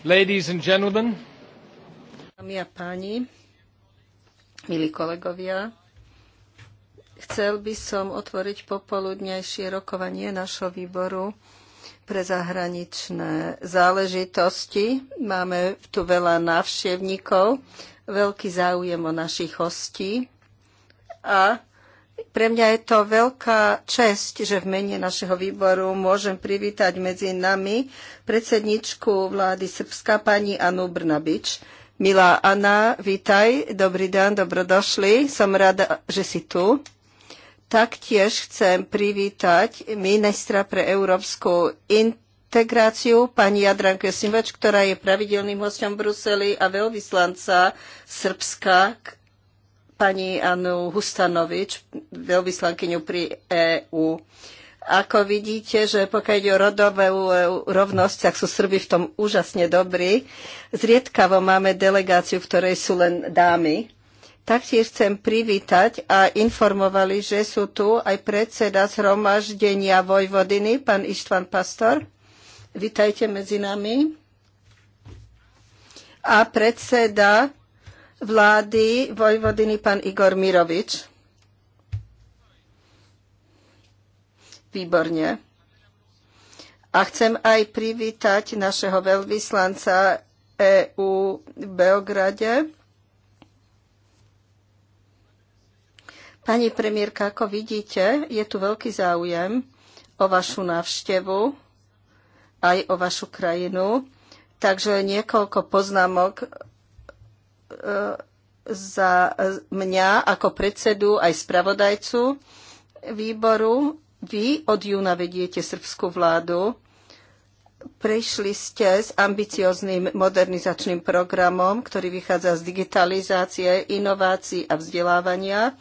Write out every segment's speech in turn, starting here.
Ladies and gentlemen. Dámy a páni, milí kolegovia, chcel by som otvoriť popoludnejšie rokovanie našho výboru pre zahraničné záležitosti. Máme tu veľa návštevníkov, veľký záujem o našich hostí a pre mňa je to veľká česť, že v mene našeho výboru môžem privítať medzi nami predsedničku vlády Srbska pani Anu Brnabič. Milá Anna, vítaj, dobrý deň, dobrodošli. Som rada, že si tu. Taktiež chcem privítať ministra pre európsku integráciu, pani Jadran Josimač, ktorá je pravidelným hostom v Bruseli a veľvyslanca Srbska, pani Anu Hustanovič, veľvyslankyňu pri EÚ. Ako vidíte, že pokiaľ ide o rodovú e rovnosť, tak sú Srby v tom úžasne dobrí. Zriedkavo máme delegáciu, v ktorej sú len dámy. Taktiež chcem privítať a informovali, že sú tu aj predseda zhromaždenia Vojvodiny, pán Ištvan Pastor. Vítajte medzi nami. A predseda vlády Vojvodiny pán Igor Mirovič. Výborne. A chcem aj privítať našeho veľvyslanca EU v Beograde. Pani premiérka, ako vidíte, je tu veľký záujem o vašu návštevu, aj o vašu krajinu. Takže niekoľko poznámok E, za mňa ako predsedu aj spravodajcu výboru. Vy od júna vediete srbskú vládu. Prešli ste s ambiciozným modernizačným programom, ktorý vychádza z digitalizácie, inovácií a vzdelávania.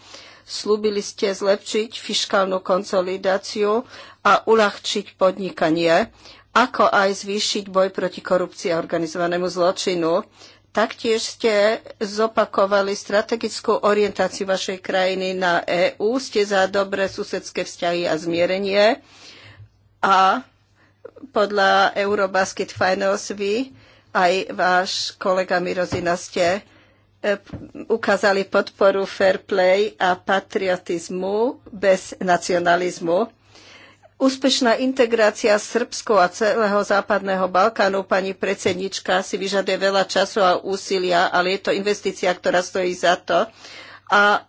Slúbili ste zlepšiť fiskálnu konsolidáciu a uľahčiť podnikanie, ako aj zvýšiť boj proti korupcii a organizovanému zločinu. Taktiež ste zopakovali strategickú orientáciu vašej krajiny na EÚ, ste za dobré susedské vzťahy a zmierenie a podľa Eurobasket Finals vy aj váš kolega Mirozina ste e, ukázali podporu fair play a patriotizmu bez nacionalizmu. Úspešná integrácia Srbsko a celého západného Balkánu, pani predsednička, si vyžaduje veľa času a úsilia, ale je to investícia, ktorá stojí za to. A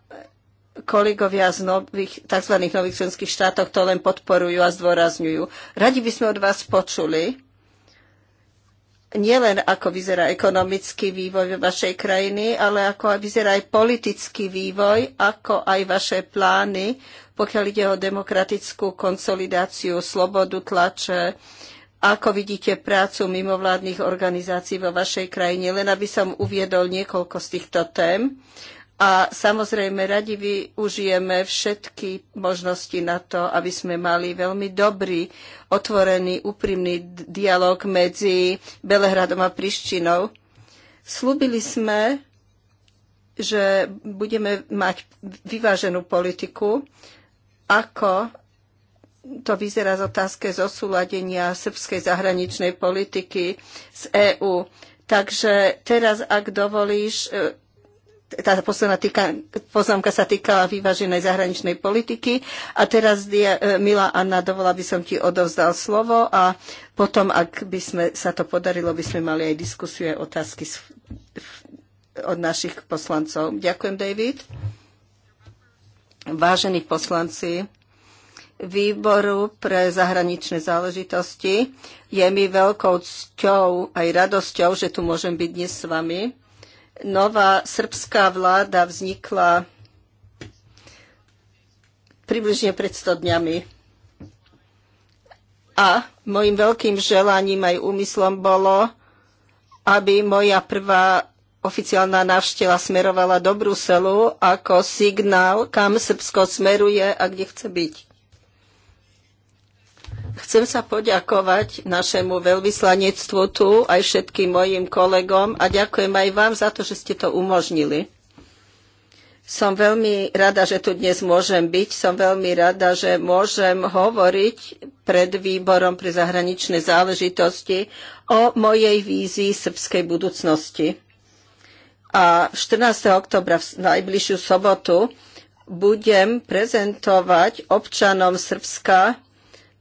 kolegovia z nových, tzv. nových členských štátov to len podporujú a zdôrazňujú. Radi by sme od vás počuli, nielen ako vyzerá ekonomický vývoj vašej krajiny, ale ako aj vyzerá aj politický vývoj, ako aj vaše plány, pokiaľ ide o demokratickú konsolidáciu, slobodu tlače, ako vidíte prácu mimovládnych organizácií vo vašej krajine, len aby som uviedol niekoľko z týchto tém. A samozrejme, radi využijeme všetky možnosti na to, aby sme mali veľmi dobrý, otvorený, úprimný dialog medzi Belehradom a Prištinou. Slúbili sme, že budeme mať vyváženú politiku, ako to vyzerá z otázke zosúladenia srbskej zahraničnej politiky z EÚ. Takže teraz, ak dovolíš, e, tá posledná týka, poznámka sa týkala vyváženej zahraničnej politiky. A teraz, e, milá Anna, dovolila by som ti odovzdal slovo a potom, ak by sme, sa to podarilo, by sme mali aj diskusiu a otázky z, od našich poslancov. Ďakujem, David. Vážení poslanci výboru pre zahraničné záležitosti, je mi veľkou cťou aj radosťou, že tu môžem byť dnes s vami nová srbská vláda vznikla približne pred 100 dňami. A mojim veľkým želaním aj úmyslom bolo, aby moja prvá oficiálna návšteva smerovala do Bruselu ako signál, kam Srbsko smeruje a kde chce byť. Chcem sa poďakovať našemu veľvyslanectvu tu, aj všetkým mojim kolegom a ďakujem aj vám za to, že ste to umožnili. Som veľmi rada, že tu dnes môžem byť. Som veľmi rada, že môžem hovoriť pred výborom pre zahraničné záležitosti o mojej vízii srbskej budúcnosti. A 14. oktobra v najbližšiu sobotu budem prezentovať občanom Srbska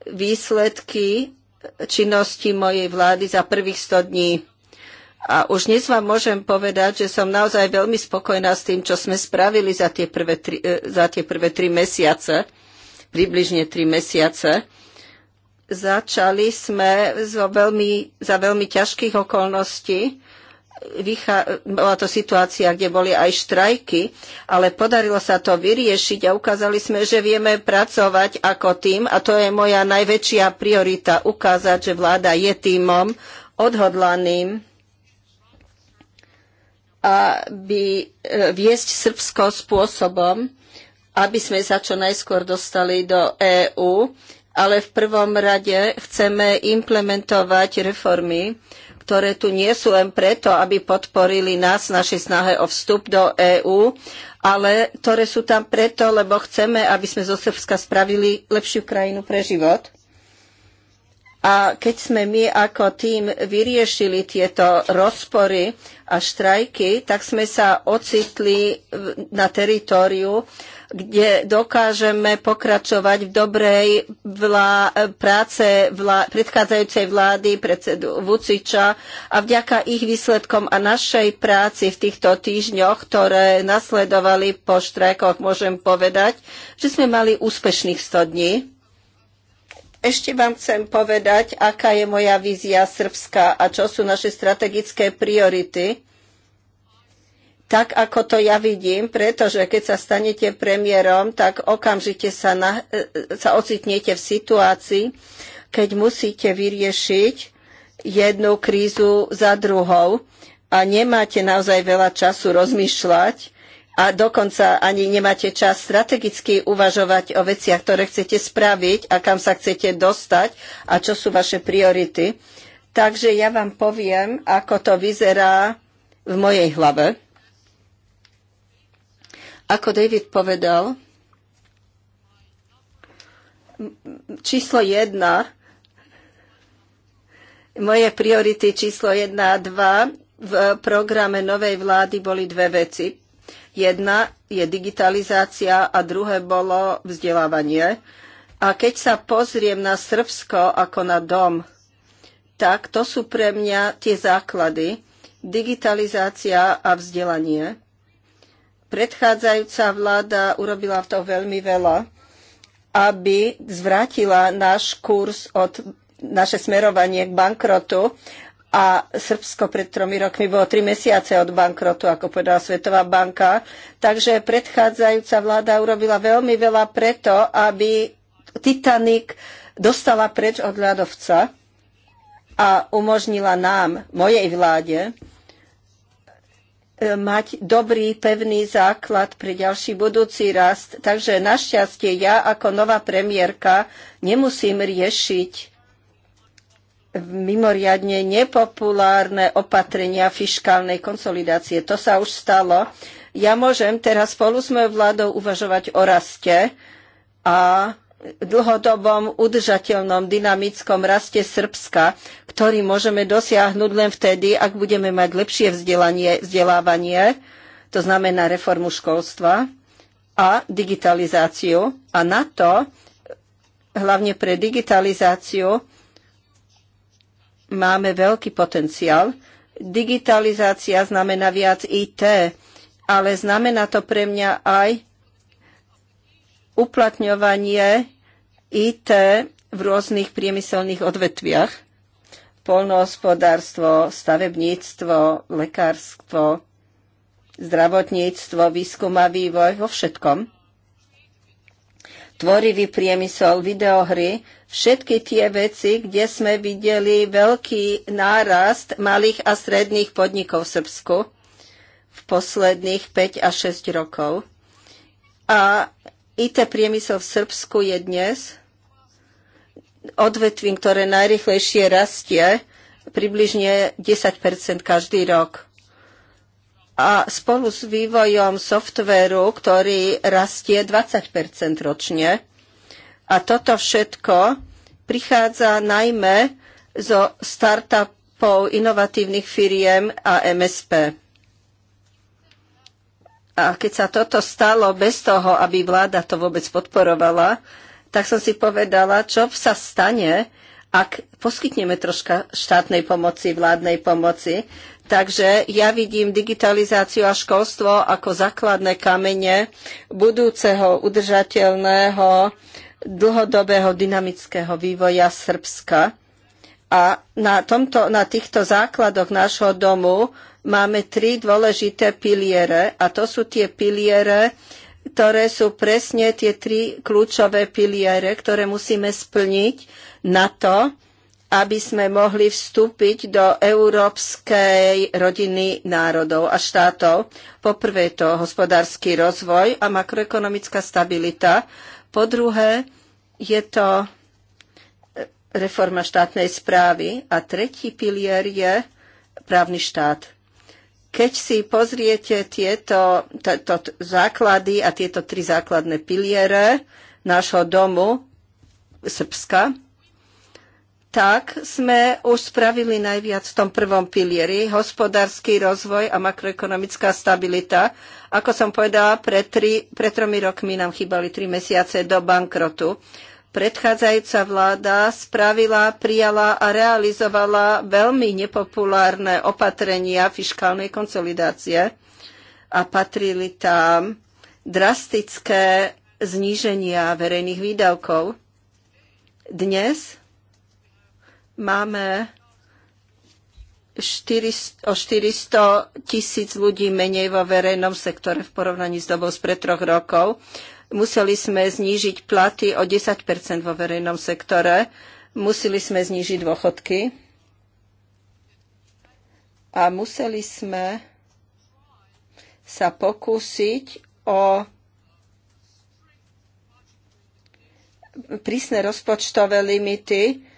výsledky činnosti mojej vlády za prvých 100 dní. A už dnes vám môžem povedať, že som naozaj veľmi spokojná s tým, čo sme spravili za tie prvé tri, e, za tie prvé tri mesiace, približne tri mesiace. Začali sme zo veľmi, za veľmi ťažkých okolností vychá... bola to situácia, kde boli aj štrajky, ale podarilo sa to vyriešiť a ukázali sme, že vieme pracovať ako tým a to je moja najväčšia priorita, ukázať, že vláda je týmom odhodlaným aby e, viesť Srbsko spôsobom, aby sme sa čo najskôr dostali do EÚ, ale v prvom rade chceme implementovať reformy, ktoré tu nie sú len preto, aby podporili nás v našej snahe o vstup do EÚ, ale ktoré sú tam preto, lebo chceme, aby sme zo Srbska spravili lepšiu krajinu pre život. A keď sme my ako tým vyriešili tieto rozpory a štrajky, tak sme sa ocitli na teritóriu, kde dokážeme pokračovať v dobrej vlá- práce vlá- predchádzajúcej vlády, predsedu Vuciča a vďaka ich výsledkom a našej práci v týchto týždňoch, ktoré nasledovali po štrajkoch, môžem povedať, že sme mali úspešných 100 dní ešte vám chcem povedať, aká je moja vízia Srbska a čo sú naše strategické priority. Tak, ako to ja vidím, pretože keď sa stanete premiérom, tak okamžite sa, na, sa ocitnete v situácii, keď musíte vyriešiť jednu krízu za druhou a nemáte naozaj veľa času rozmýšľať a dokonca ani nemáte čas strategicky uvažovať o veciach, ktoré chcete spraviť a kam sa chcete dostať a čo sú vaše priority. Takže ja vám poviem, ako to vyzerá v mojej hlave. Ako David povedal, číslo jedna, moje priority číslo jedna a dva v programe novej vlády boli dve veci Jedna je digitalizácia a druhé bolo vzdelávanie. A keď sa pozriem na Srbsko ako na dom, tak to sú pre mňa tie základy. Digitalizácia a vzdelanie. Predchádzajúca vláda urobila v to veľmi veľa, aby zvrátila náš kurz od naše smerovanie k bankrotu a Srbsko pred tromi rokmi bolo tri mesiace od bankrotu, ako povedala Svetová banka. Takže predchádzajúca vláda urobila veľmi veľa preto, aby Titanic dostala preč od ľadovca a umožnila nám, mojej vláde, e, mať dobrý, pevný základ pre ďalší budúci rast. Takže našťastie ja ako nová premiérka nemusím riešiť mimoriadne nepopulárne opatrenia fiškálnej konsolidácie. To sa už stalo. Ja môžem teraz spolu s mojou vládou uvažovať o raste a dlhodobom, udržateľnom, dynamickom raste Srbska, ktorý môžeme dosiahnuť len vtedy, ak budeme mať lepšie vzdelanie, vzdelávanie, to znamená reformu školstva a digitalizáciu. A na to, hlavne pre digitalizáciu, máme veľký potenciál. Digitalizácia znamená viac IT, ale znamená to pre mňa aj uplatňovanie IT v rôznych priemyselných odvetviach. Polnohospodárstvo, stavebníctvo, lekárstvo, zdravotníctvo, výskum a vývoj, vo všetkom tvorivý priemysel, videohry, všetky tie veci, kde sme videli veľký nárast malých a stredných podnikov v Srbsku v posledných 5 až 6 rokov. A IT priemysel v Srbsku je dnes odvetvím, ktoré najrychlejšie rastie, približne 10 každý rok a spolu s vývojom softvéru, ktorý rastie 20 ročne. A toto všetko prichádza najmä zo startupov inovatívnych firiem a MSP. A keď sa toto stalo bez toho, aby vláda to vôbec podporovala, tak som si povedala, čo sa stane, ak poskytneme troška štátnej pomoci, vládnej pomoci, Takže ja vidím digitalizáciu a školstvo ako základné kamene budúceho udržateľného dlhodobého dynamického vývoja Srbska. A na, tomto, na týchto základoch nášho domu máme tri dôležité piliere a to sú tie piliere, ktoré sú presne tie tri kľúčové piliere, ktoré musíme splniť na to, aby sme mohli vstúpiť do európskej rodiny národov a štátov. Poprvé to hospodársky rozvoj a makroekonomická stabilita. Po druhé je to reforma štátnej správy a tretí pilier je právny štát. Keď si pozriete tieto základy a tieto tri základné piliere nášho domu Srbska, tak sme už spravili najviac v tom prvom pilieri, hospodársky rozvoj a makroekonomická stabilita. Ako som povedala, pred, tri, pred tromi rokmi nám chýbali tri mesiace do bankrotu. Predchádzajúca vláda spravila, prijala a realizovala veľmi nepopulárne opatrenia fiskálnej konsolidácie a patrili tam drastické zníženia verejných výdavkov. Dnes máme o 400 tisíc ľudí menej vo verejnom sektore v porovnaní s dobou spred troch rokov. Museli sme znížiť platy o 10 vo verejnom sektore. Museli sme znížiť dôchodky. A museli sme sa pokúsiť o prísne rozpočtové limity,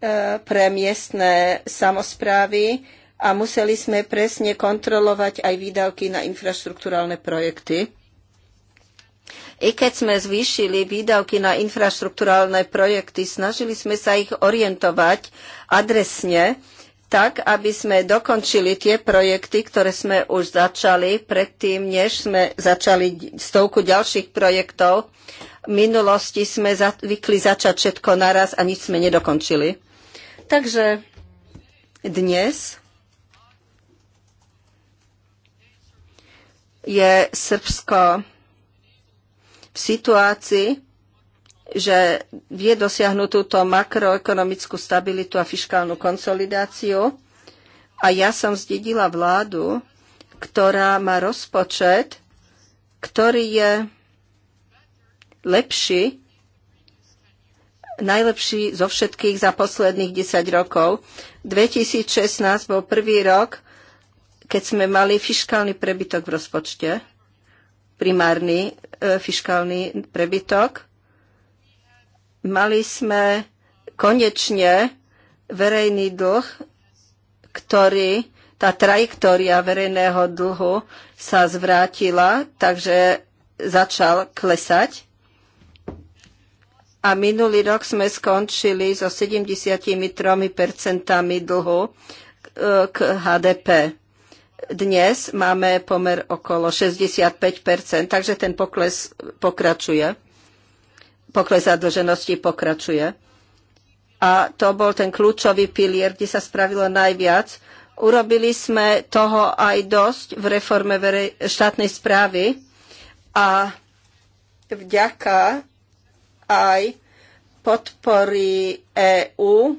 E, pre miestne samozprávy a museli sme presne kontrolovať aj výdavky na infraštruktúralne projekty. I keď sme zvýšili výdavky na infraštruktúrálne projekty, snažili sme sa ich orientovať adresne, tak, aby sme dokončili tie projekty, ktoré sme už začali, predtým, než sme začali stovku ďalších projektov. V minulosti sme zvykli začať všetko naraz a nič sme nedokončili. Takže dnes je Srbsko v situácii, že vie dosiahnuť túto makroekonomickú stabilitu a fiskálnu konsolidáciu. A ja som zdedila vládu, ktorá má rozpočet, ktorý je lepší najlepší zo všetkých za posledných 10 rokov. 2016 bol prvý rok, keď sme mali fiskálny prebytok v rozpočte, primárny e, fiskálny prebytok. Mali sme konečne verejný dlh, ktorý, tá trajektória verejného dlhu sa zvrátila, takže začal klesať a minulý rok sme skončili so 73% dlhu e, k HDP. Dnes máme pomer okolo 65%, takže ten pokles pokračuje. Pokles zadlženosti pokračuje. A to bol ten kľúčový pilier, kde sa spravilo najviac. Urobili sme toho aj dosť v reforme štátnej správy a vďaka aj podpory EÚ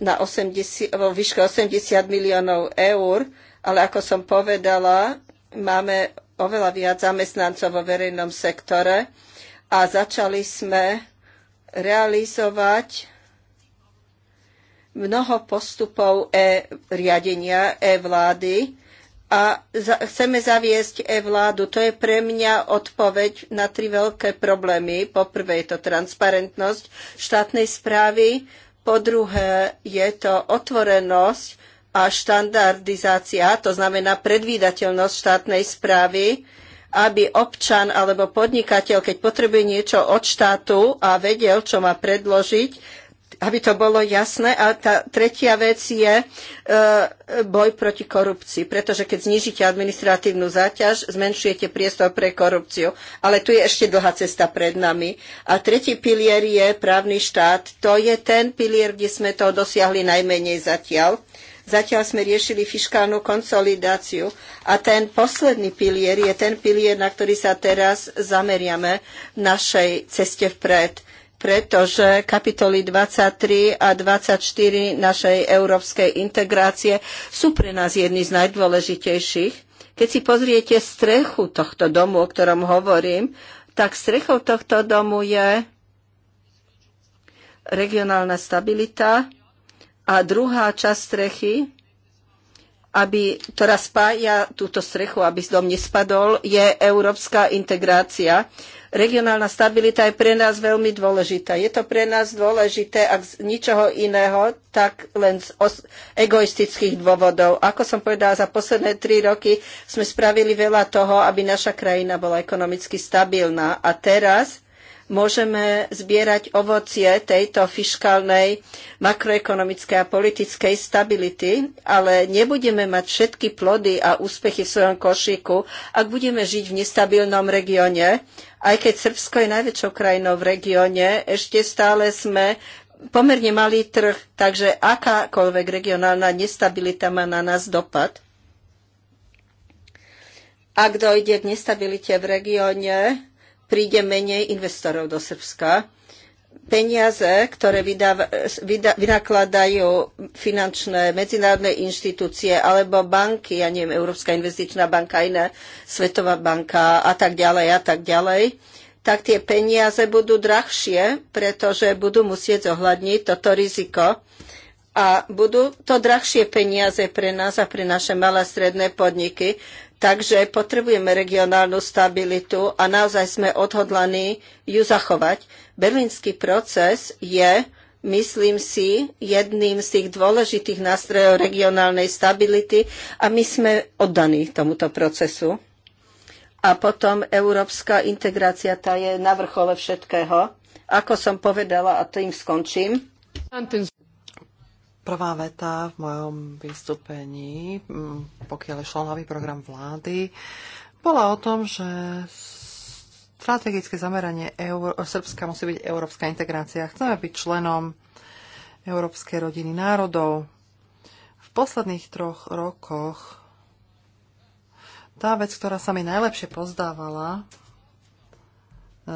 na 80, vo výške 80 miliónov eur, ale ako som povedala, máme oveľa viac zamestnancov vo verejnom sektore a začali sme realizovať mnoho postupov e-riadenia, e-vlády, a za, chceme zaviesť e-vládu. To je pre mňa odpoveď na tri veľké problémy. Po prvé je to transparentnosť štátnej správy, po druhé je to otvorenosť a štandardizácia, to znamená predvídateľnosť štátnej správy, aby občan alebo podnikateľ, keď potrebuje niečo od štátu a vedel, čo má predložiť, aby to bolo jasné. A tá tretia vec je e, boj proti korupcii, pretože keď znížite administratívnu záťaž, zmenšujete priestor pre korupciu. Ale tu je ešte dlhá cesta pred nami. A tretí pilier je právny štát. To je ten pilier, kde sme to dosiahli najmenej zatiaľ. Zatiaľ sme riešili fiskálnu konsolidáciu a ten posledný pilier je ten pilier, na ktorý sa teraz zameriame v našej ceste vpred pretože kapitoly 23 a 24 našej európskej integrácie sú pre nás jedny z najdôležitejších. Keď si pozriete strechu tohto domu, o ktorom hovorím, tak strechou tohto domu je regionálna stabilita a druhá časť strechy, aby, ktorá spája túto strechu, aby z dom nespadol, je európska integrácia. Regionálna stabilita je pre nás veľmi dôležitá. Je to pre nás dôležité, ak z ničoho iného, tak len z egoistických dôvodov. Ako som povedala, za posledné tri roky sme spravili veľa toho, aby naša krajina bola ekonomicky stabilná. A teraz môžeme zbierať ovocie tejto fiškálnej makroekonomickej a politickej stability, ale nebudeme mať všetky plody a úspechy v svojom košíku, ak budeme žiť v nestabilnom regióne. Aj keď Srbsko je najväčšou krajinou v regióne, ešte stále sme pomerne malý trh, takže akákoľvek regionálna nestabilita má na nás dopad. Ak dojde k nestabilite v regióne, príde menej investorov do Srbska. Peniaze, ktoré vydá, vynakladajú finančné medzinárodné inštitúcie alebo banky, ja neviem, Európska investičná banka, iná Svetová banka a tak ďalej a tak ďalej, tak tie peniaze budú drahšie, pretože budú musieť zohľadniť toto riziko a budú to drahšie peniaze pre nás a pre naše malé a stredné podniky. Takže potrebujeme regionálnu stabilitu a naozaj sme odhodlaní ju zachovať. Berlínsky proces je, myslím si, jedným z tých dôležitých nástrojov regionálnej stability a my sme oddaní tomuto procesu. A potom európska integrácia, tá je na vrchole všetkého. Ako som povedala, a tým skončím. Prvá veta v mojom vystúpení, mm, pokiaľ šlo nový program vlády, bola o tom, že strategické zameranie Euró- Srbska musí byť európska integrácia. Chceme byť členom Európskej rodiny národov. V posledných troch rokoch tá vec, ktorá sa mi najlepšie pozdávala, e,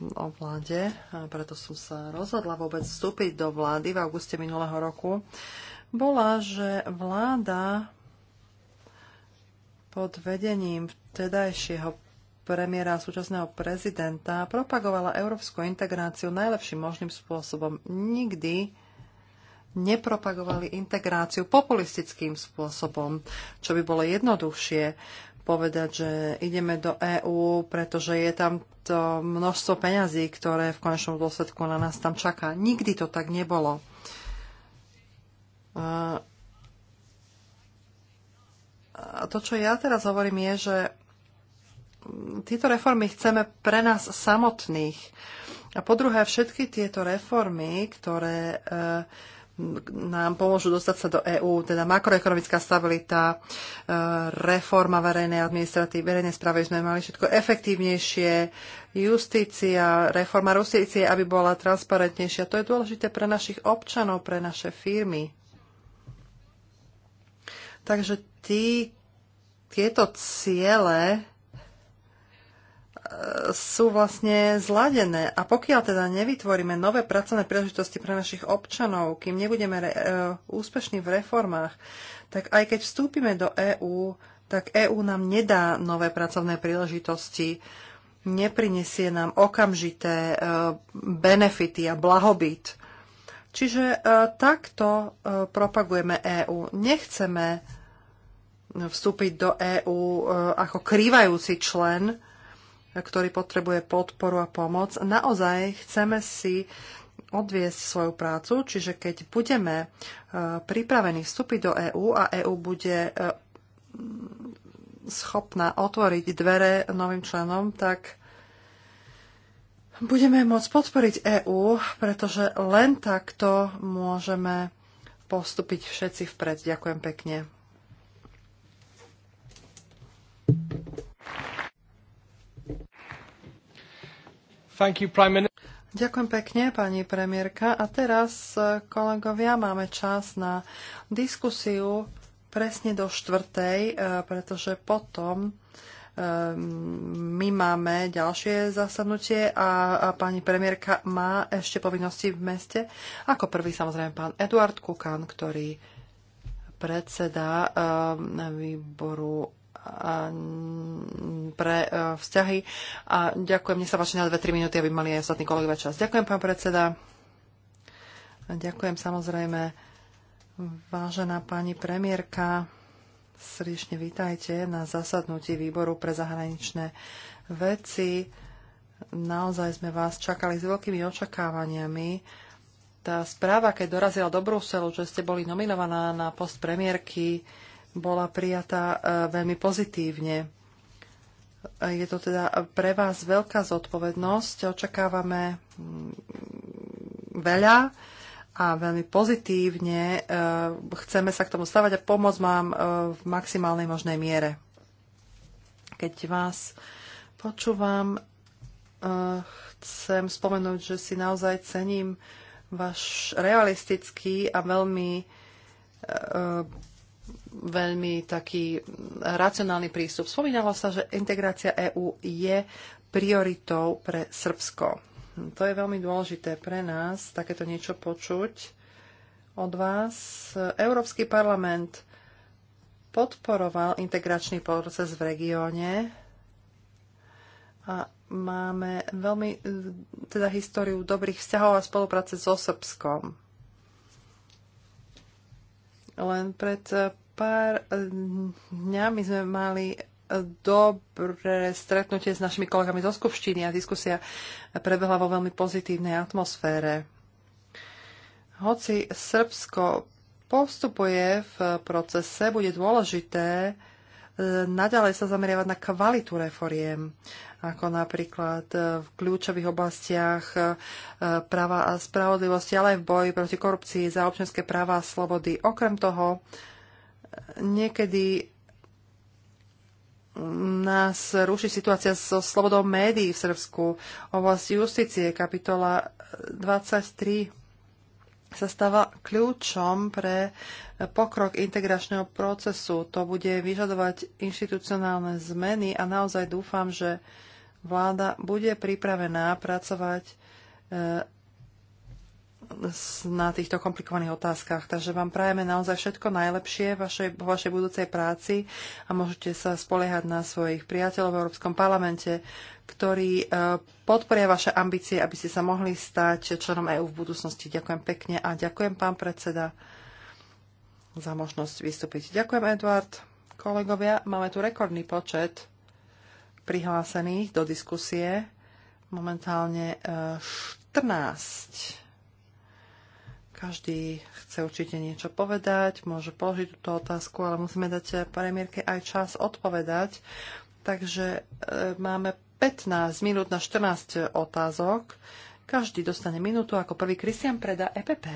o vláde, a preto som sa rozhodla vôbec vstúpiť do vlády v auguste minulého roku, bola, že vláda pod vedením vtedajšieho premiéra súčasného prezidenta propagovala európsku integráciu najlepším možným spôsobom. Nikdy nepropagovali integráciu populistickým spôsobom, čo by bolo jednoduchšie povedať, že ideme do EÚ, pretože je tam to množstvo peňazí, ktoré v konečnom dôsledku na nás tam čaká. Nikdy to tak nebolo. A to, čo ja teraz hovorím, je, že tieto reformy chceme pre nás samotných. A po druhé, všetky tieto reformy, ktoré uh, nám pomôžu dostať sa do EÚ, teda makroekonomická stabilita, e, reforma verejnej administratívy, verejnej správy sme mali všetko efektívnejšie, justícia, reforma justície, aby bola transparentnejšia. To je dôležité pre našich občanov, pre naše firmy. Takže tí, tieto ciele sú vlastne zladené. A pokiaľ teda nevytvoríme nové pracovné príležitosti pre našich občanov, kým nebudeme re, e, úspešní v reformách, tak aj keď vstúpime do EÚ, tak EÚ nám nedá nové pracovné príležitosti, neprinesie nám okamžité e, benefity a blahobyt. Čiže e, takto e, propagujeme EÚ. Nechceme vstúpiť do EÚ e, ako krývajúci člen, ktorý potrebuje podporu a pomoc. Naozaj chceme si odviesť svoju prácu, čiže keď budeme e, pripravení vstúpiť do EÚ a EÚ bude e, schopná otvoriť dvere novým členom, tak budeme môcť podporiť EÚ, pretože len takto môžeme postúpiť všetci vpred. Ďakujem pekne. Thank you, Prime Minister. Ďakujem pekne, pani premiérka. A teraz, eh, kolegovia, máme čas na diskusiu presne do štvrtej, eh, pretože potom eh, my máme ďalšie zasadnutie a, pani premiérka má ešte povinnosti v meste. Ako prvý samozrejme pán Eduard Kukan, ktorý predseda výboru Mm, pre e, vzťahy. A ďakujem, nech sa páči na 2-3 minúty, aby mali aj ostatní kolegovia čas. Ďakujem, pán predseda. A ďakujem samozrejme, vážená pani premiérka. Srdečne vítajte na zasadnutí výboru pre zahraničné veci. Naozaj sme vás čakali s veľkými očakávaniami. Tá správa, keď dorazila do Bruselu, že ste boli nominovaná na post premiérky, bola prijatá e, veľmi pozitívne. Je to teda pre vás veľká zodpovednosť. Očakávame mm, veľa a veľmi pozitívne. E, chceme sa k tomu stavať a pomôcť vám e, v maximálnej možnej miere. Keď vás počúvam, chcem spomenúť, že si naozaj cením váš realistický a veľmi veľmi taký racionálny prístup. Spomínalo sa, že integrácia EÚ je prioritou pre Srbsko. To je veľmi dôležité pre nás, takéto niečo počuť od vás. Európsky parlament podporoval integračný proces v regióne a máme veľmi teda históriu dobrých vzťahov a spolupráce so Srbskom. Len pred pár eh, dňa my sme mali eh, dobré stretnutie s našimi kolegami zo Skupštiny a diskusia prebehla vo veľmi pozitívnej atmosfére. Hoci Srbsko postupuje v procese, bude dôležité eh, naďalej sa zameriavať na kvalitu reforiem, ako napríklad v kľúčových oblastiach práva a spravodlivosti, ale aj v boji proti korupcii za občianské práva a slobody. Okrem toho, niekedy nás ruší situácia so slobodou médií v Srbsku. Oblasti justície, kapitola 23, sa stáva kľúčom pre pokrok integračného procesu. To bude vyžadovať inštitucionálne zmeny a naozaj dúfam, že vláda bude pripravená pracovať eh, na týchto komplikovaných otázkach. Takže vám prajeme naozaj všetko najlepšie vo vašej, vašej budúcej práci a môžete sa spoliehať na svojich priateľov v Európskom parlamente, ktorí e, podporia vaše ambície, aby ste sa mohli stať členom EÚ v budúcnosti. Ďakujem pekne a ďakujem pán predseda za možnosť vystúpiť. Ďakujem, Eduard. Kolegovia, máme tu rekordný počet prihlásených do diskusie momentálne 14 e, každý chce určite niečo povedať, môže položiť túto otázku, ale musíme dať premiérke aj čas odpovedať. Takže e, máme 15 minút na 14 otázok. Každý dostane minútu ako prvý Kristian Preda EPP.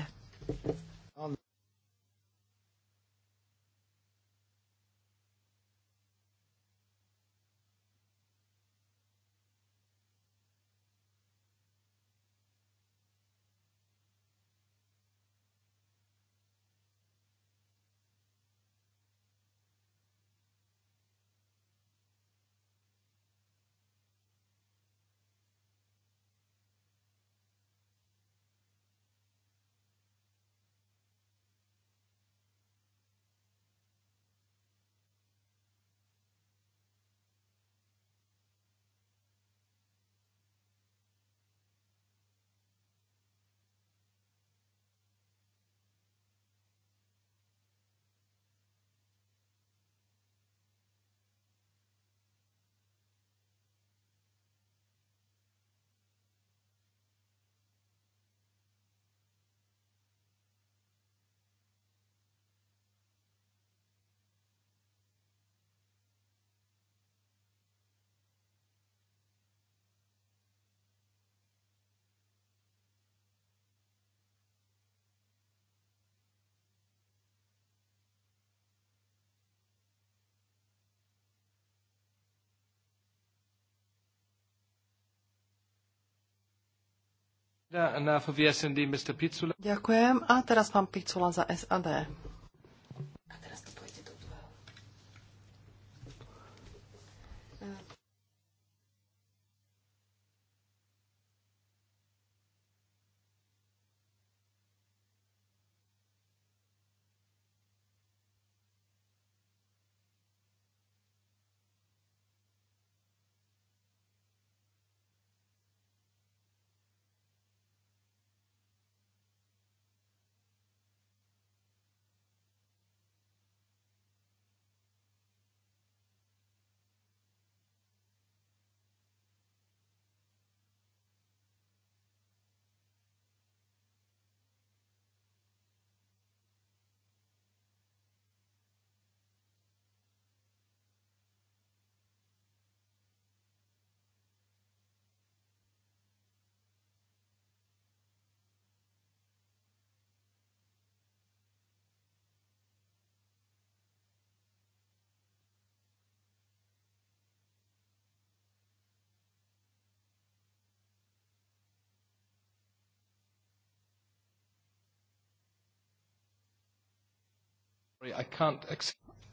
Ďakujem. A teraz pán Picula za SAD.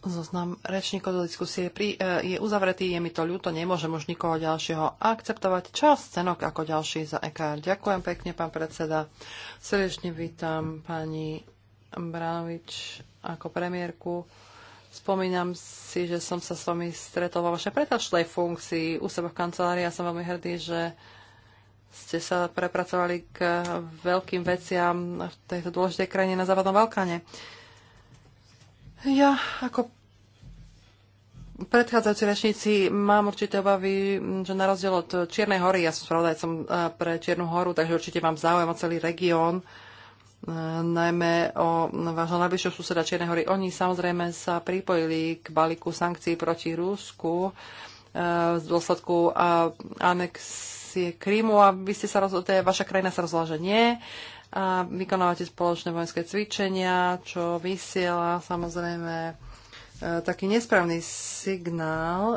Zoznam rečníkov do diskusie pri, e, je uzavretý, je mi to ľúto, nemôžem už nikoho ďalšieho akceptovať. Čas cenok ako ďalší za EKR. Ďakujem pekne, pán predseda. Srdečne vítam pani Bránovič ako premiérku. Spomínam si, že som sa s vami stretol vo vašej pretašlej funkcii u seba v kancelárii a som veľmi hrdý, že ste sa prepracovali k veľkým veciam v tejto dôležitej krajine na Západnom Balkáne. Uh, ja ako predchádzajúci rečníci mám určité obavy, že na rozdiel od Čiernej hory, ja som spravodajcom eh, pre Čiernu horu, takže určite mám záujem o celý región, eh, najmä o vášho najbližšieho suseda Čiernej hory. Oni samozrejme sa pripojili k balíku sankcií proti Rusku eh, v dôsledku anex anexie Krymu a vy ste sa rozhodli, vaša krajina sa rozhodla, že nie a vykonávate spoločné vojenské cvičenia, čo vysiela samozrejme e, taký nesprávny signál, e,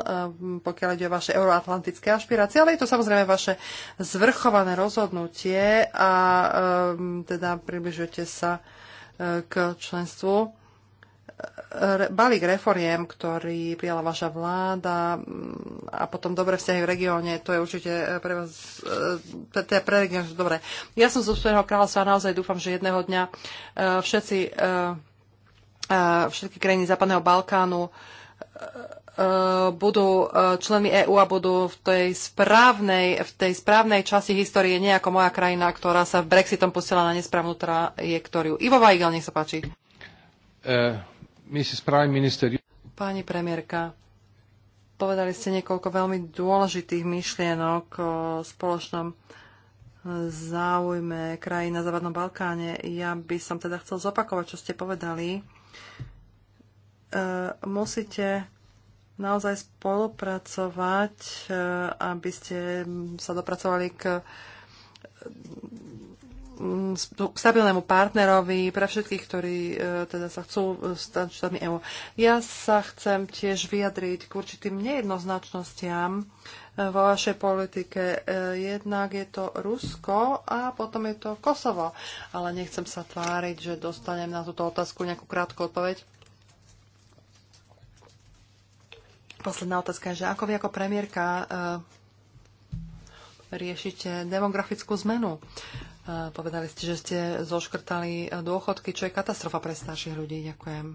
pokiaľ ide o vaše euroatlantické ašpirácie, ale je to samozrejme vaše zvrchované rozhodnutie a e, teda približujete sa k členstvu balík reforiem, ktorý prijala vaša vláda mm, a potom dobre vzťahy v regióne, to je určite e, pre vás, pre, teda pre región, dobre. Ja som zo svojho kráľovstva a naozaj dúfam, že jedného dňa e, všetci, e, všetky krajiny Západného Balkánu budú členmi EÚ a budú v tej správnej, v tej správnej časti histórie, nie ako moja krajina, ktorá sa Brexitom pustila na nesprávnu trajektóriu. Ivo Weigel, nech sa páči. Uh... Pani premiérka, povedali ste niekoľko veľmi dôležitých myšlienok o spoločnom záujme krajín na Západnom Balkáne. Ja by som teda chcel zopakovať, čo ste povedali. E, musíte naozaj spolupracovať, e, aby ste sa dopracovali k Mm, no, stabilnému partnerovi pre všetkých, ktorí e, teda sa chcú e, stať členmi EÚ. Ja sa chcem tiež vyjadriť k určitým nejednoznačnostiam e, vo vašej politike. Jednak je to Rusko a potom je to Kosovo. Ale nechcem sa tváriť, že dostanem na túto otázku nejakú krátku odpoveď. Posledná otázka je, že ako vy ako premiérka riešite demografickú zmenu Povedali ste, že ste zoškrtali e, dôchodky, čo je katastrofa pre starších ľudí. Ďakujem.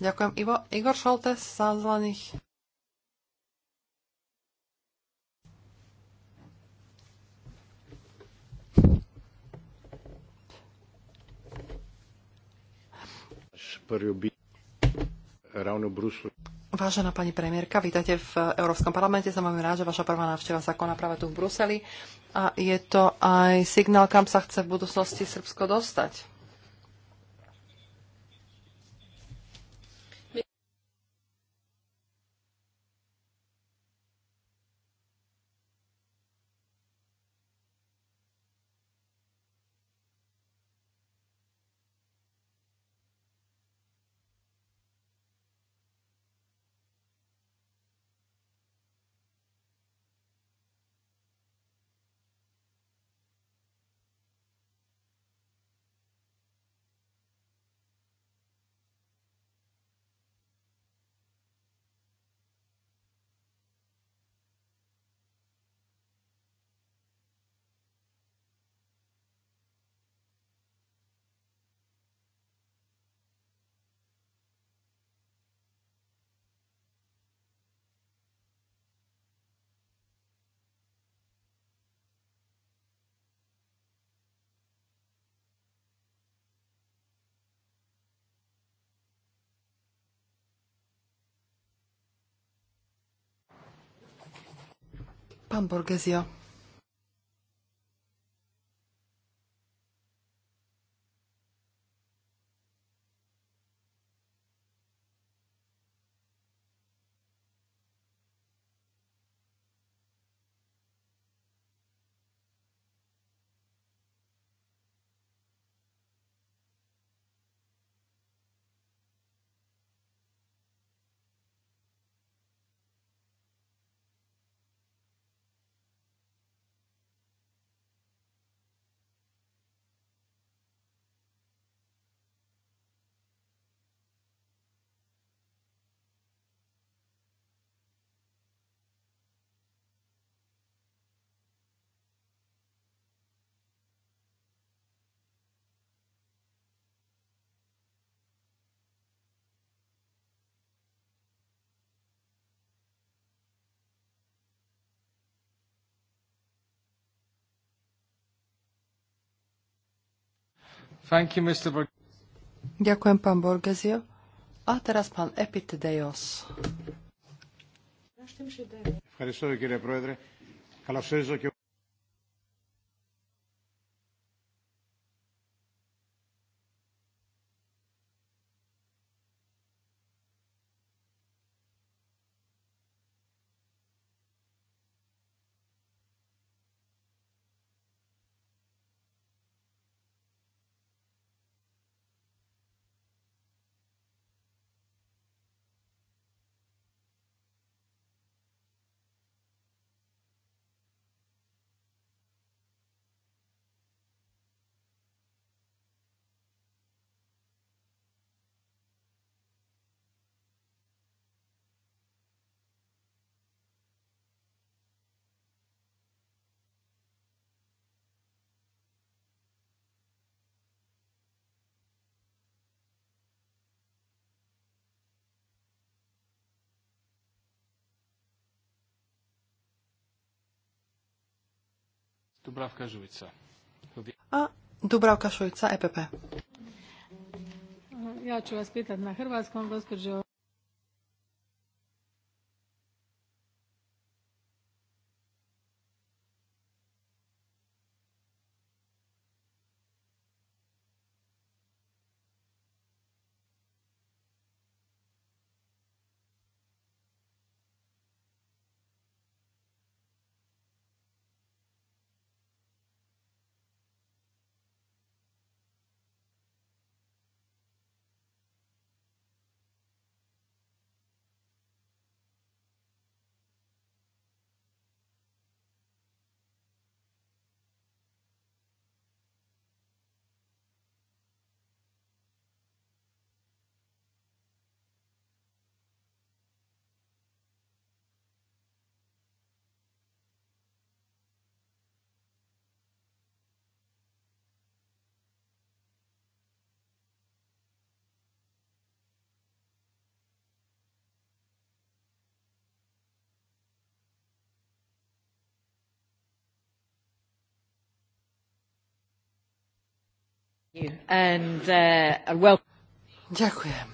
Ďakujem. Ivo, Igor Šoltes sa zelených. prvi obisk ravno v Vážená pani premiérka, vítajte v Európskom parlamente. Som veľmi rád, že vaša prvá návšteva sa koná práve tu v Bruseli. A je to aj signál, kam sa chce v budúcnosti Srbsko dostať. Pán Borgesio. Thank you, Mr. Borg- Ďakujem, pán Borgesio. A teraz pán Epitideios. Ευχαριστώ κύριε Πρόεδρε. Καλωσορίζω και Dubravka Žujca. A Dubravka Šujca, EPP. Ja ću vas pitati na hrvatskom, gospođo Uh, Ďakujem.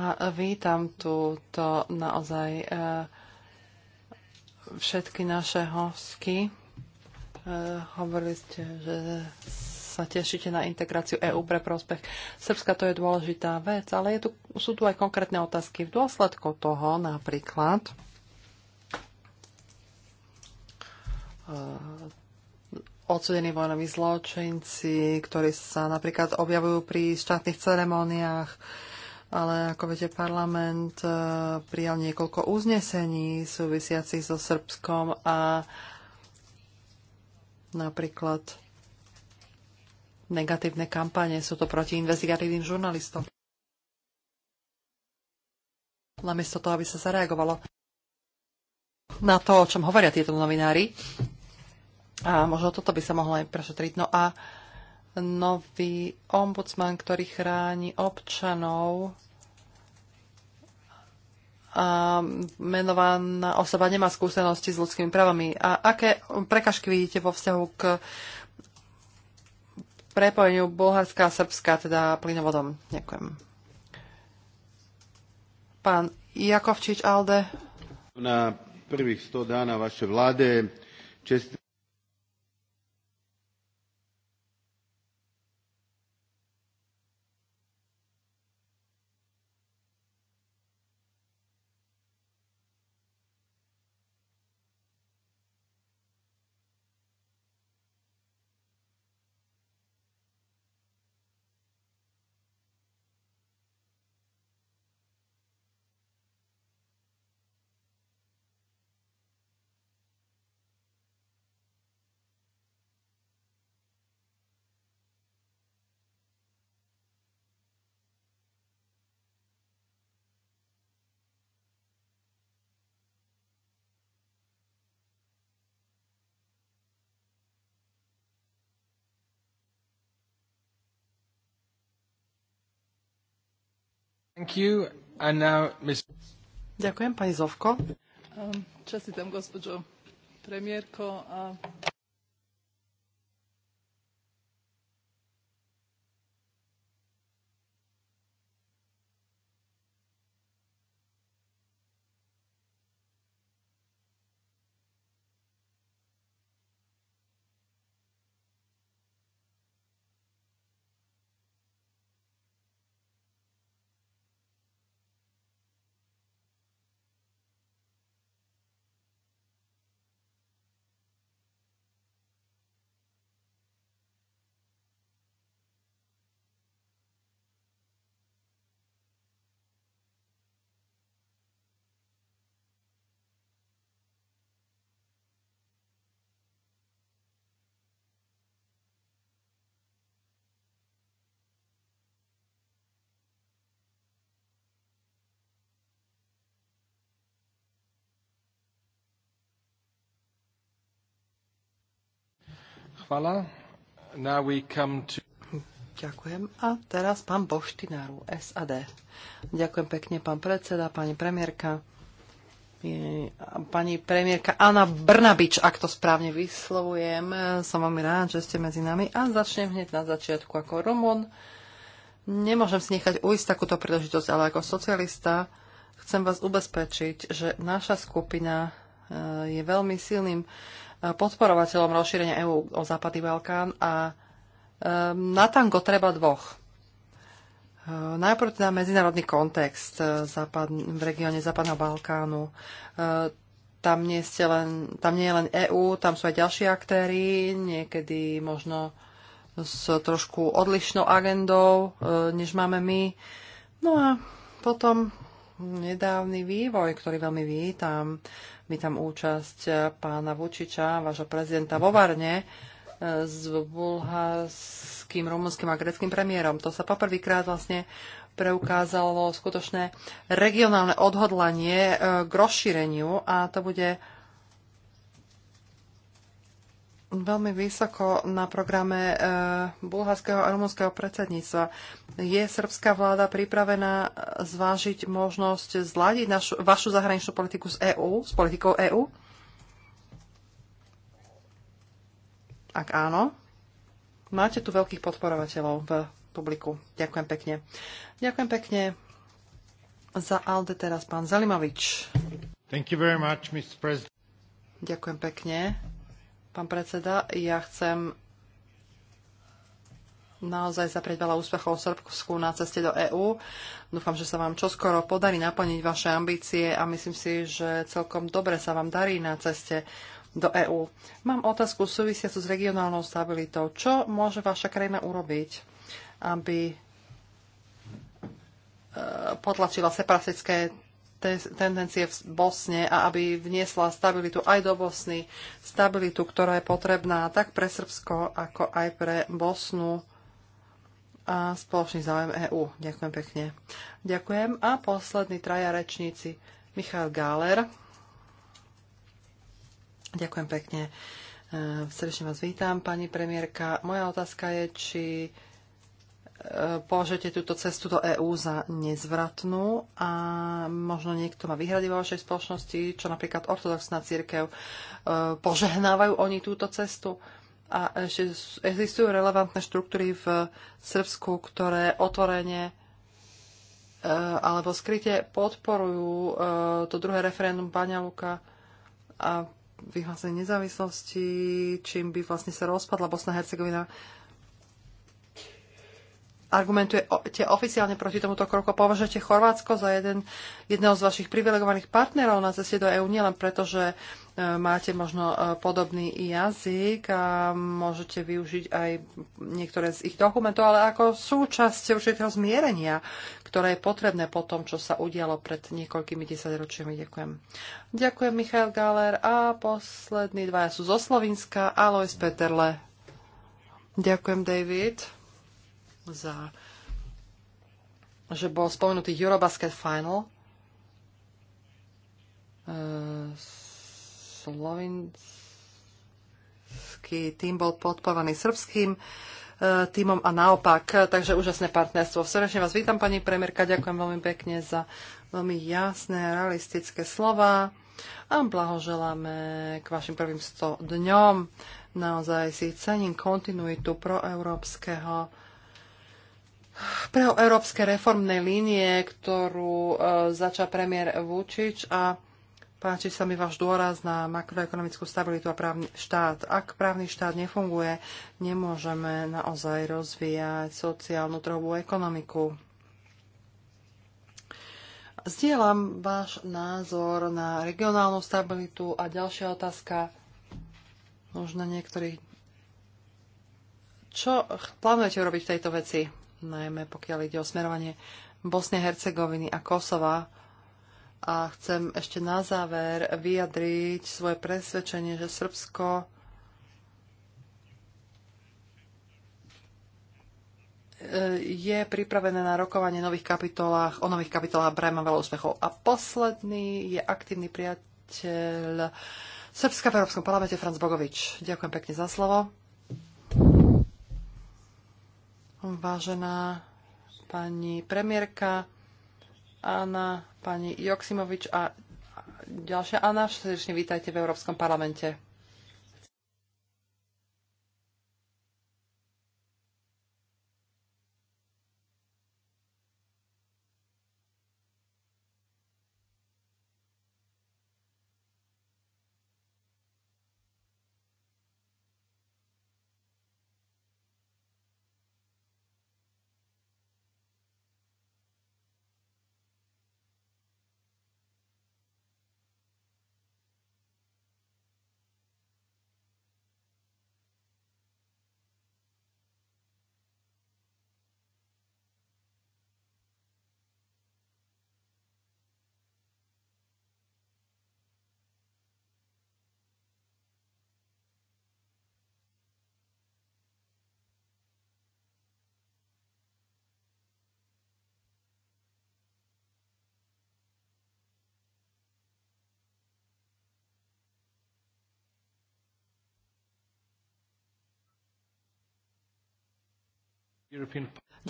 A vítam to naozaj uh, všetky naše hosky. Uh, hovorili ste, že sa tešíte na integráciu EÚ pre prospech Srbska, to je dôležitá vec, ale je tu, sú tu aj konkrétne otázky v dôsledku toho napríklad odsudení vojnoví zločinci, ktorí sa napríklad objavujú pri štátnych ceremoniách, ale ako viete, parlament e, prijal niekoľko uznesení súvisiacich so Srbskom a napríklad negatívne kampane sú to proti investigatívnym žurnalistom. Namiesto toho, aby sa zareagovalo na to, o čom hovoria tieto novinári, a možno toto by sa mohlo aj prešetriť. No a nový ombudsman, ktorý chráni občanov, a menovaná osoba nemá skúsenosti s ľudskými právami. A aké prekažky vidíte vo vzťahu k prepojeniu Bulharska a Srbska, teda plynovodom? Ďakujem. Pán Jakovčič Alde. Na prvých 100 dána vaše vláde čest... Ďakujem, pani Zovko. Um, časitam, gospođo premiérko. A Chvala. Now we come to... Ďakujem. A teraz pán Boštinaru, SAD. Ďakujem pekne, pán predseda, pani premiérka. Pani premiérka Anna Brnabič, ak to správne vyslovujem. Som veľmi rád, že ste medzi nami. A začnem hneď na začiatku ako Romun. Nemôžem si nechať ujsť takúto príležitosť, ale ako socialista chcem vás ubezpečiť, že naša skupina eh, je veľmi silným podporovateľom rozšírenia EÚ o Západný Balkán a na tango treba dvoch. Najprv teda medzinárodný kontext e, v regióne Západného Balkánu. E, tam nie, ste len, tam nie je len EÚ, tam sú aj ďalší aktéry, niekedy možno s trošku odlišnou agendou, e, než máme my. No a potom nedávny vývoj, ktorý veľmi vítam. Vítam účasť pána Vučiča, vášho prezidenta vo Varne, eh, s bulharským, rumunským a greckým premiérom. To sa poprvýkrát vlastne preukázalo skutočné regionálne odhodlanie eh, k rozšíreniu a to bude veľmi vysoko na programe e, bulharského a rumunského predsedníctva. Je srbská vláda pripravená zvážiť možnosť zladiť našu, vašu zahraničnú politiku s EÚ, s politikou EÚ? Ak áno, máte tu veľkých podporovateľov v publiku. Ďakujem pekne. Ďakujem pekne za ALDE teraz pán Zalimovič. Thank you very much, Mr. President. Ďakujem pekne. Pán predseda, ja chcem naozaj zaprieť veľa úspechov Srbsku na ceste do EÚ. Dúfam, že sa vám čoskoro podarí naplniť vaše ambície a myslím si, že celkom dobre sa vám darí na ceste do EÚ. Mám otázku súvisiacu s regionálnou stabilitou. Čo môže vaša krajina urobiť, aby e, potlačila separatické tendencie v Bosne a aby vniesla stabilitu aj do Bosny, stabilitu, ktorá je potrebná tak pre Srbsko, ako aj pre Bosnu a spoločný záujem EÚ. Ďakujem pekne. Ďakujem. A poslední traja rečníci. Michal Gáler. Ďakujem pekne. E, srdečne vás vítam, pani premiérka. Moja otázka je, či považujete túto cestu do EÚ za nezvratnú a možno niekto má výhrady vo vašej spoločnosti, čo napríklad ortodoxná církev, e, požehnávajú oni túto cestu. A ešte existujú relevantné štruktúry v Srbsku, ktoré otvorene e, alebo skryte podporujú e, to druhé referendum Baňa Luka a vyhlásenie nezávislosti, čím by vlastne sa rozpadla Bosna Hercegovina argumentujete oficiálne proti tomuto kroku. Považujete Chorvátsko za jeden, jedného z vašich privilegovaných partnerov na ceste do EÚ, nielen preto, že e, máte možno e, podobný jazyk a môžete využiť aj niektoré z ich dokumentov, ale ako súčasť určitého zmierenia, ktoré je potrebné po tom, čo sa udialo pred niekoľkými desaťročiami. Ďakujem. Ďakujem, Michal Galer. A poslední dvaja sú zo Slovenska, Alois Peterle. Ďakujem, David za že bol spomenutý Eurobasket Final. Eh, slovinský tým bol podporovaný srbským eh, týmom a naopak, takže úžasné partnerstvo. Srdečne vás vítam, pani premiérka, ďakujem veľmi pekne za veľmi jasné, realistické slova a blahoželáme k vašim prvým 100 dňom. Naozaj si cením kontinuitu proeurópskeho európske reformnej línie, ktorú e, začal premiér Vučič a Páči sa mi váš dôraz na makroekonomickú stabilitu a právny štát. Ak právny štát nefunguje, nemôžeme naozaj rozvíjať sociálnu trhovú ekonomiku. Zdieľam váš názor na regionálnu stabilitu a ďalšia otázka, možno niektorých. Čo plánujete robiť v tejto veci? najmä pokiaľ ide o smerovanie Bosne, Hercegoviny a Kosova. A chcem ešte na záver vyjadriť svoje presvedčenie, že Srbsko je pripravené na rokovanie nových kapitolách, o nových kapitolách Brajma veľa úspechov. A posledný je aktívny priateľ Srbska v Európskom parlamente Franz Bogovič. Ďakujem pekne za slovo vážená pani premiérka Anna, pani Joksimovič a ďalšia Anna. Srdečne vítajte v Európskom parlamente.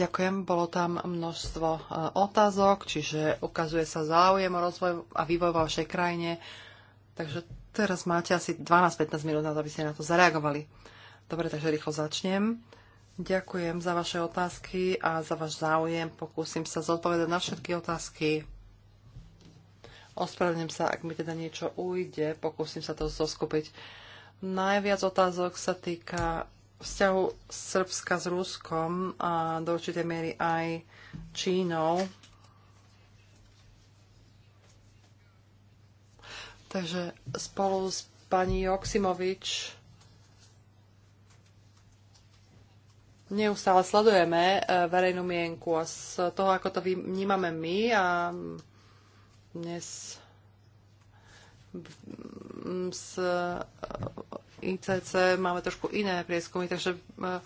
Ďakujem, bolo tam množstvo e, otázok, čiže ukazuje sa záujem o rozvoj a vývoj vo vašej krajine. Takže teraz máte asi 12-15 minút na to, aby ste na to zareagovali. Dobre, takže rýchlo začnem. Ďakujem za vaše otázky a za váš záujem. Pokúsim sa zodpovedať na všetky otázky. Ospravedlňujem sa, ak mi teda niečo ujde, pokúsim sa to zoskupiť. Najviac otázok sa týka vzťahu Srbska s Ruskom a do určitej miery aj Čínou. Takže spolu s pani Oksimovič neustále sledujeme eh, verejnú mienku a z toho, ako to vnímame my a dnes s ICC máme trošku iné prieskumy, takže eh,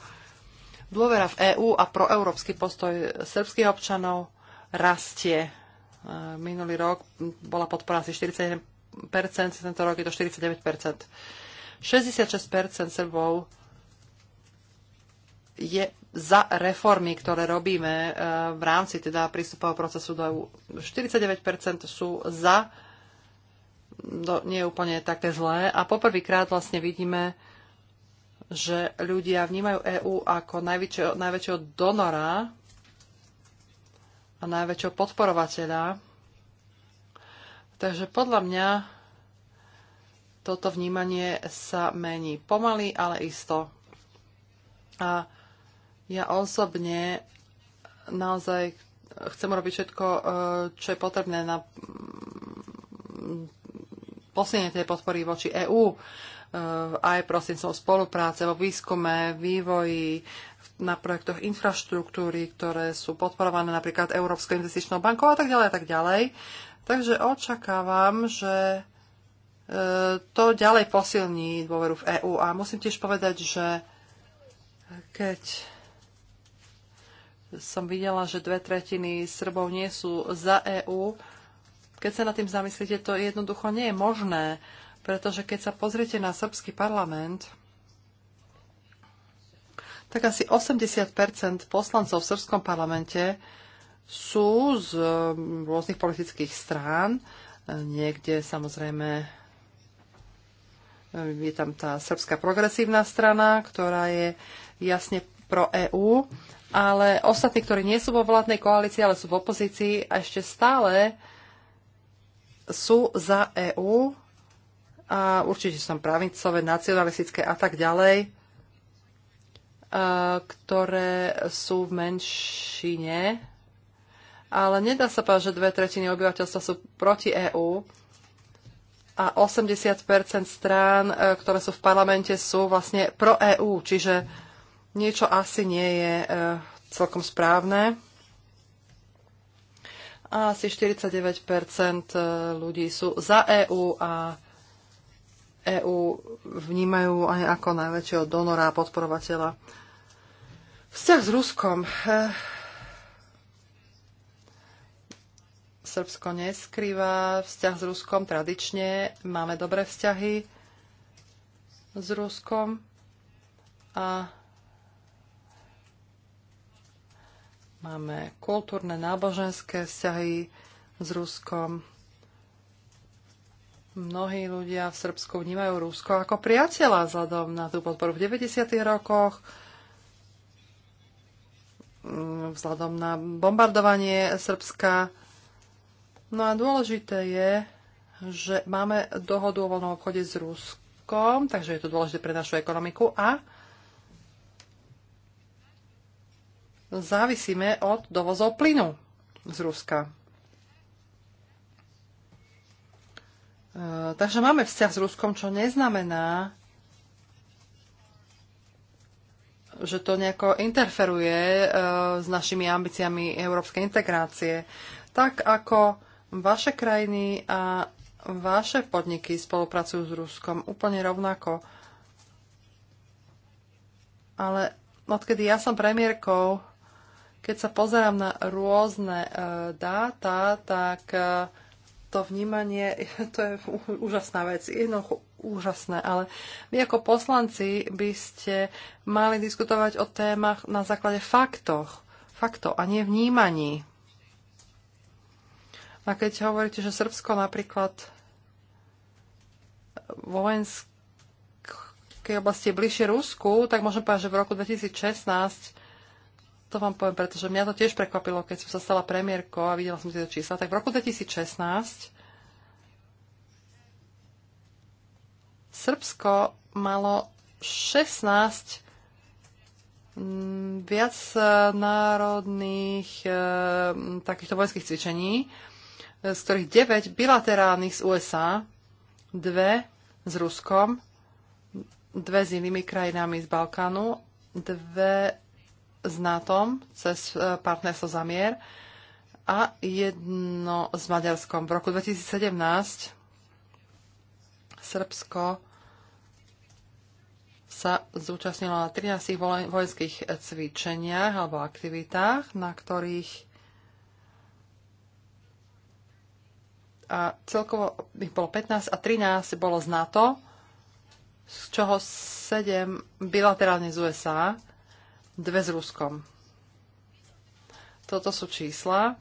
dôvera v EÚ a proeurópsky postoj srbských občanov rastie. Eh, minulý rok bola podpora asi 41%, tento rok je to 49%. 66% Srbov je za reformy, ktoré robíme eh, v rámci teda prístupového procesu do EU. 49% sú za do, nie je úplne také zlé. A poprvýkrát vlastne vidíme, že ľudia vnímajú EÚ ako najväčšieho, najväčšieho donora a najväčšieho podporovateľa. Takže podľa mňa toto vnímanie sa mení pomaly, ale isto. A ja osobne naozaj chcem robiť všetko, eh, čo je potrebné na mm, posilnenie tej podpory voči EÚ e, aj prostredníctvom spolupráce vo výskume, vývoji, na projektoch infraštruktúry, ktoré sú podporované napríklad Európskou investičnou bankou a tak ďalej a tak ďalej. Takže očakávam, že e, to ďalej posilní dôveru v EÚ. A musím tiež povedať, že keď som videla, že dve tretiny Srbov nie sú za EÚ, keď sa nad tým zamyslíte, to jednoducho nie je možné, pretože keď sa pozriete na srbský parlament, tak asi 80 poslancov v srbskom parlamente sú z e, rôznych politických strán. E, niekde samozrejme e, je tam tá srbská progresívna strana, ktorá je jasne pro EÚ, ale ostatní, ktorí nie sú vo vládnej koalícii, ale sú v opozícii, a ešte stále sú za EÚ a určite sú pravicové, nacionalistické a tak ďalej, e, ktoré sú v menšine. Ale nedá sa povedať, že dve tretiny obyvateľstva sú proti EÚ a 80 strán, e, ktoré sú v parlamente, sú vlastne pro EÚ, čiže niečo asi nie je e, celkom správne a asi 49 e, ľudí sú za EÚ a EÚ vnímajú aj ako najväčšieho donora a podporovateľa. Vzťah s Ruskom. E, Srbsko neskrýva vzťah s Ruskom tradične. Máme dobré vzťahy s Ruskom a Máme kultúrne, náboženské vzťahy s Ruskom. Mnohí ľudia v Srbsku vnímajú Rusko ako priateľa vzhľadom na tú podporu v 90. rokoch, mm, vzhľadom na bombardovanie Srbska. No a dôležité je, že máme dohodu o voľnom obchode s Ruskom, takže je to dôležité pre našu ekonomiku a závisíme od dovozov plynu z Ruska. E, takže máme vzťah s Ruskom, čo neznamená, že to nejako interferuje e, s našimi ambíciami európskej integrácie. Tak ako vaše krajiny a vaše podniky spolupracujú s Ruskom úplne rovnako. Ale odkedy ja som premiérkou, keď sa pozerám na rôzne uh, dáta, tak uh, to vnímanie, to je úžasná vec. Jedno úžasné, ale vy ako poslanci by ste mali diskutovať o témach na základe faktoch, faktov a nie vnímaní. A keď hovoríte, že Srbsko napríklad vojenské oblasti je bližšie Rusku, tak môžem povedať, že v roku 2016 to vám poviem, pretože mňa to tiež prekvapilo, keď som sa stala premiérkou a videla som tieto čísla. Tak v roku 2016 Srbsko malo 16 mm, viac e, národných e, takýchto vojenských cvičení, e, z ktorých 9 bilaterálnych z USA, 2 s Ruskom, dve s inými krajinami z Balkánu, dve s NATO cez e, partnerstvo za mier a jedno s Maďarskom. V roku 2017 Srbsko sa zúčastnilo na 13 vojenských cvičeniach alebo aktivitách, na ktorých a celkovo ich bolo 15 a 13 bolo z NATO, z čoho 7 bilaterálne z USA dve s Ruskom. Toto sú čísla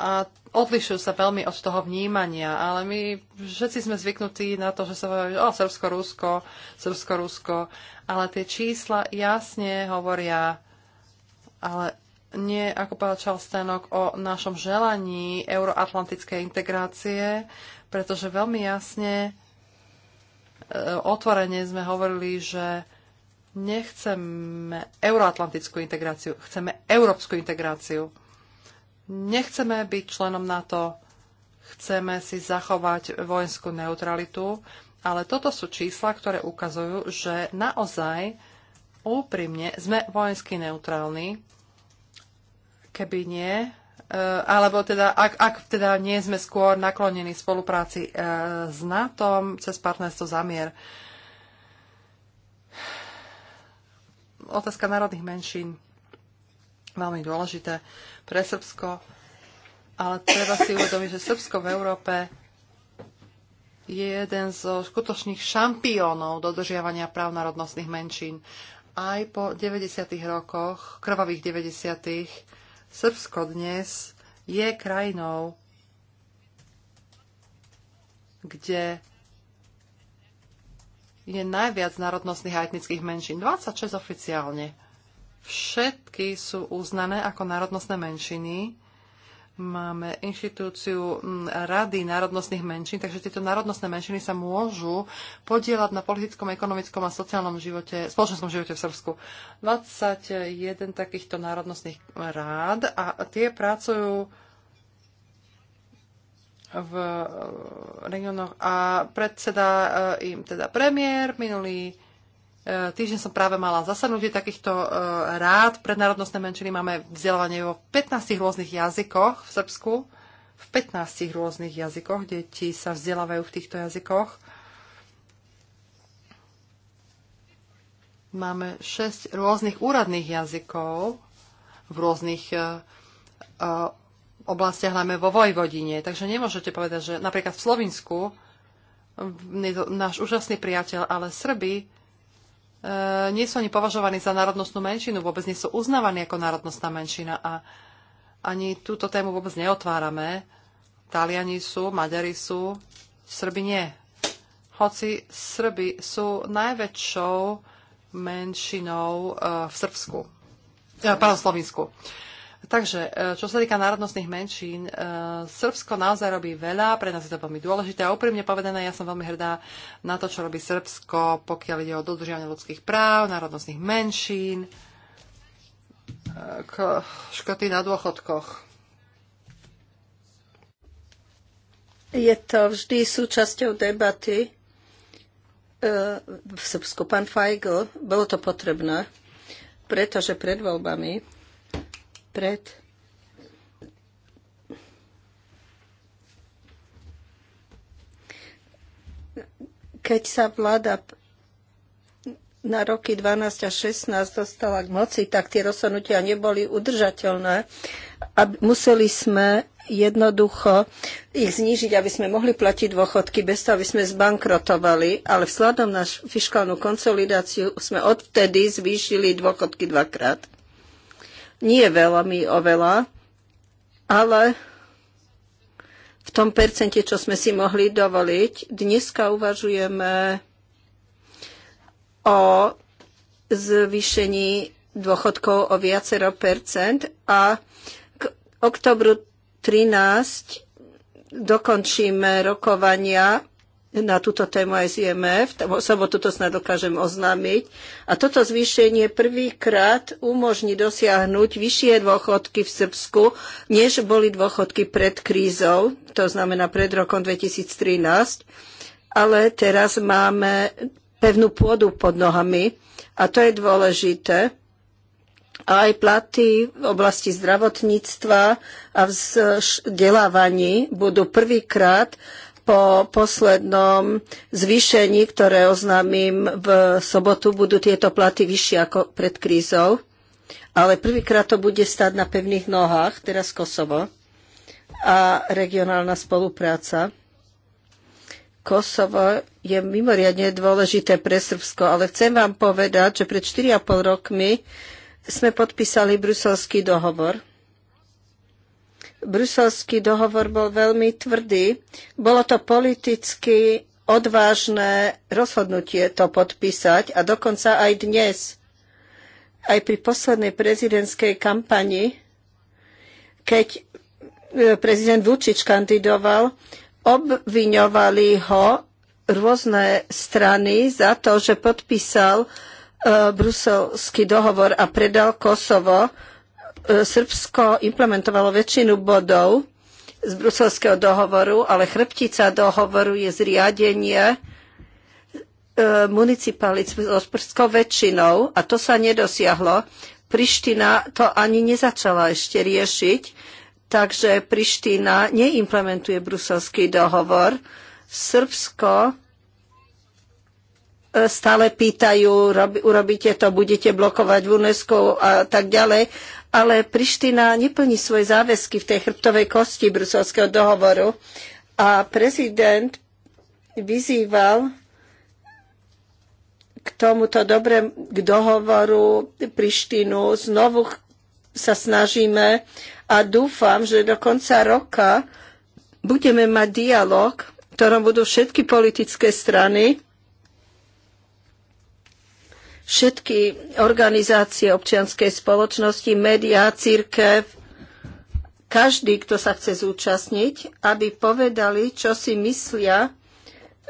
a odlišujú sa veľmi od toho vnímania, ale my všetci sme zvyknutí na to, že sa hovorí, o Srbsko-Rusko, Srbsko-Rusko, ale tie čísla jasne hovoria, ale nie, ako povedal Charles Stenok, o našom želaní euroatlantickej integrácie, pretože veľmi jasne e, otvorene sme hovorili, že Nechceme euroatlantickú integráciu, chceme európsku integráciu. Nechceme byť členom NATO, chceme si zachovať vojenskú neutralitu, ale toto sú čísla, ktoré ukazujú, že naozaj úprimne sme vojensky neutrálni. Keby nie, e, alebo teda, ak, ak teda nie sme skôr naklonení spolupráci e, s NATO cez partnerstvo zamier. mier. otázka národných menšín. Veľmi dôležité pre Srbsko. Ale treba si uvedomiť, že Srbsko v Európe je jeden zo skutočných šampiónov dodržiavania práv národnostných menšín. Aj po 90. rokoch, krvavých 90. Srbsko dnes je krajinou, kde je najviac národnostných a etnických menšín. 26 oficiálne. Všetky sú uznané ako národnostné menšiny. Máme inštitúciu mm, Rady národnostných menšín, takže tieto národnostné menšiny sa môžu podielať na politickom, ekonomickom a sociálnom živote, spoločenskom živote v Srbsku. 21 takýchto národnostných rád a tie pracujú v eh, regiónoch a predseda eh, im teda premiér. Minulý eh, týždeň som práve mala zasadnutie takýchto rád. Pre národnostné menšiny máme vzdelávanie vo 15 rôznych jazykoch v Srbsku. V 15 rôznych jazykoch deti sa vzdelávajú v týchto jazykoch. Máme 6 rôznych úradných jazykov v rôznych oblastiach, najmä vo Vojvodine. Takže nemôžete povedať, že napríklad v Slovensku náš úžasný priateľ, ale Srby e, nie sú ani považovaní za národnostnú menšinu, vôbec nie sú uznávaní ako národnostná menšina a ani túto tému vôbec neotvárame. Taliani sú, Maďari sú, Srby nie. Hoci Srby sú najväčšou menšinou e, v Srbsku. E, Pardon, Slovensku. Takže, e, čo sa týka národnostných menšín, e, Srbsko naozaj robí veľa, pre nás je to veľmi dôležité a úprimne povedané, ja som veľmi hrdá na to, čo robí Srbsko, pokiaľ ide o dodržiavanie ľudských práv, národnostných menšín, e, škoty na dôchodkoch. Je to vždy súčasťou debaty v Srbsku. Pán Feigl, bolo to potrebné, pretože pred voľbami pred keď sa vláda na roky 12 a 16 dostala k moci, tak tie rozhodnutia neboli udržateľné a museli sme jednoducho ich znížiť, aby sme mohli platiť dôchodky bez toho, aby sme zbankrotovali, ale vzhľadom na fiskálnu konsolidáciu sme odvtedy zvýšili dôchodky dvakrát nie veľmi oveľa, ale v tom percente, čo sme si mohli dovoliť. Dneska uvažujeme o zvýšení dôchodkov o viacero percent a k oktobru 13 dokončíme rokovania na túto tému aj z IMF. V sobotu to snad dokážem oznámiť. A toto zvýšenie prvýkrát umožní dosiahnuť vyššie dôchodky v Srbsku, než boli dôchodky pred krízou, to znamená pred rokom 2013. Ale teraz máme pevnú pôdu pod nohami a to je dôležité. A aj platy v oblasti zdravotníctva a vzdelávaní budú prvýkrát po poslednom zvýšení, ktoré oznámim v sobotu, budú tieto platy vyššie ako pred krízou. Ale prvýkrát to bude stať na pevných nohách, teraz Kosovo a regionálna spolupráca. Kosovo je mimoriadne dôležité pre Srbsko, ale chcem vám povedať, že pred 4,5 rokmi sme podpísali bruselský dohovor Bruselský dohovor bol veľmi tvrdý. Bolo to politicky odvážne rozhodnutie to podpísať a dokonca aj dnes, aj pri poslednej prezidentskej kampani, keď e, prezident Vučič kandidoval, obviňovali ho rôzne strany za to, že podpísal e, bruselský dohovor a predal Kosovo E, Srbsko implementovalo väčšinu bodov z bruselského dohovoru, ale chrbtica dohovoru je zriadenie e, municipalit s prskou väčšinou a to sa nedosiahlo. Priština to ani nezačala ešte riešiť, takže Priština neimplementuje bruselský dohovor. Srbsko e, stále pýtajú, urobíte to, budete blokovať v UNESCO a tak ďalej ale Priština neplní svoje záväzky v tej chrbtovej kosti bruselského dohovoru. A prezident vyzýval k tomuto dobrému k dohovoru Prištinu. Znovu sa snažíme a dúfam, že do konca roka budeme mať dialog, v ktorom budú všetky politické strany všetky organizácie občianskej spoločnosti, médiá, církev, každý, kto sa chce zúčastniť, aby povedali, čo si myslia,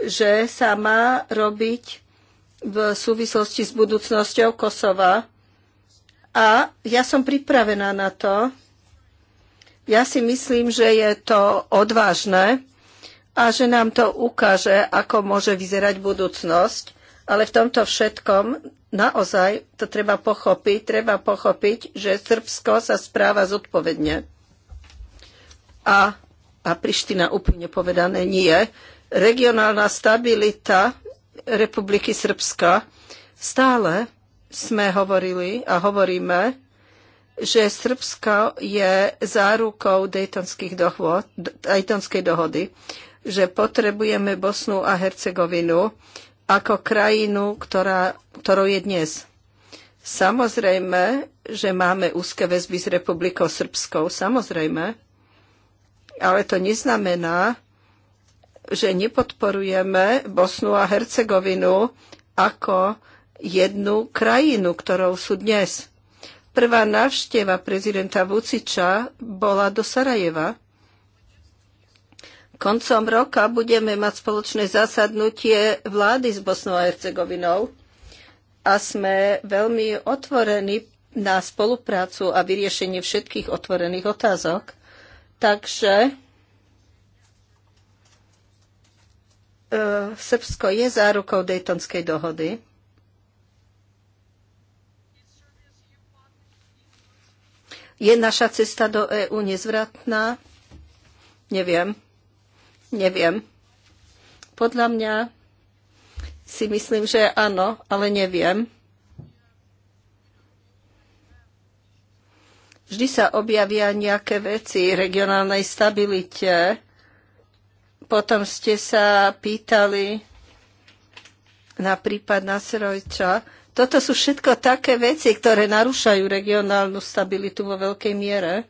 že sa má robiť v súvislosti s budúcnosťou Kosova. A ja som pripravená na to. Ja si myslím, že je to odvážne a že nám to ukáže, ako môže vyzerať budúcnosť. Ale v tomto všetkom naozaj to treba pochopiť, treba pochopiť, že Srbsko sa správa zodpovedne. A, a Priština úplne povedané nie. Regionálna stabilita Republiky Srbska stále sme hovorili a hovoríme, že Srbsko je zárukou Daytonských dohôd, Daytonskej dohody, že potrebujeme Bosnu a Hercegovinu, ako krajinu, ktorá, ktorou je dnes. Samozrejme, že máme úzke väzby s Republikou Srbskou, samozrejme, ale to neznamená, že nepodporujeme Bosnu a Hercegovinu ako jednu krajinu, ktorou sú dnes. Prvá návšteva prezidenta Vuciča bola do Sarajeva Koncom roka budeme mať spoločné zasadnutie vlády s Bosnou a Hercegovinou a sme veľmi otvorení na spoluprácu a vyriešenie všetkých otvorených otázok. Takže e, Srbsko je zárukou dejtonskej dohody. Je naša cesta do EÚ nezvratná? Neviem. Neviem. Podľa mňa si myslím, že áno, ale neviem. Vždy sa objavia nejaké veci regionálnej stabilite. Potom ste sa pýtali na prípad Nasrojča. Toto sú všetko také veci, ktoré narúšajú regionálnu stabilitu vo veľkej miere.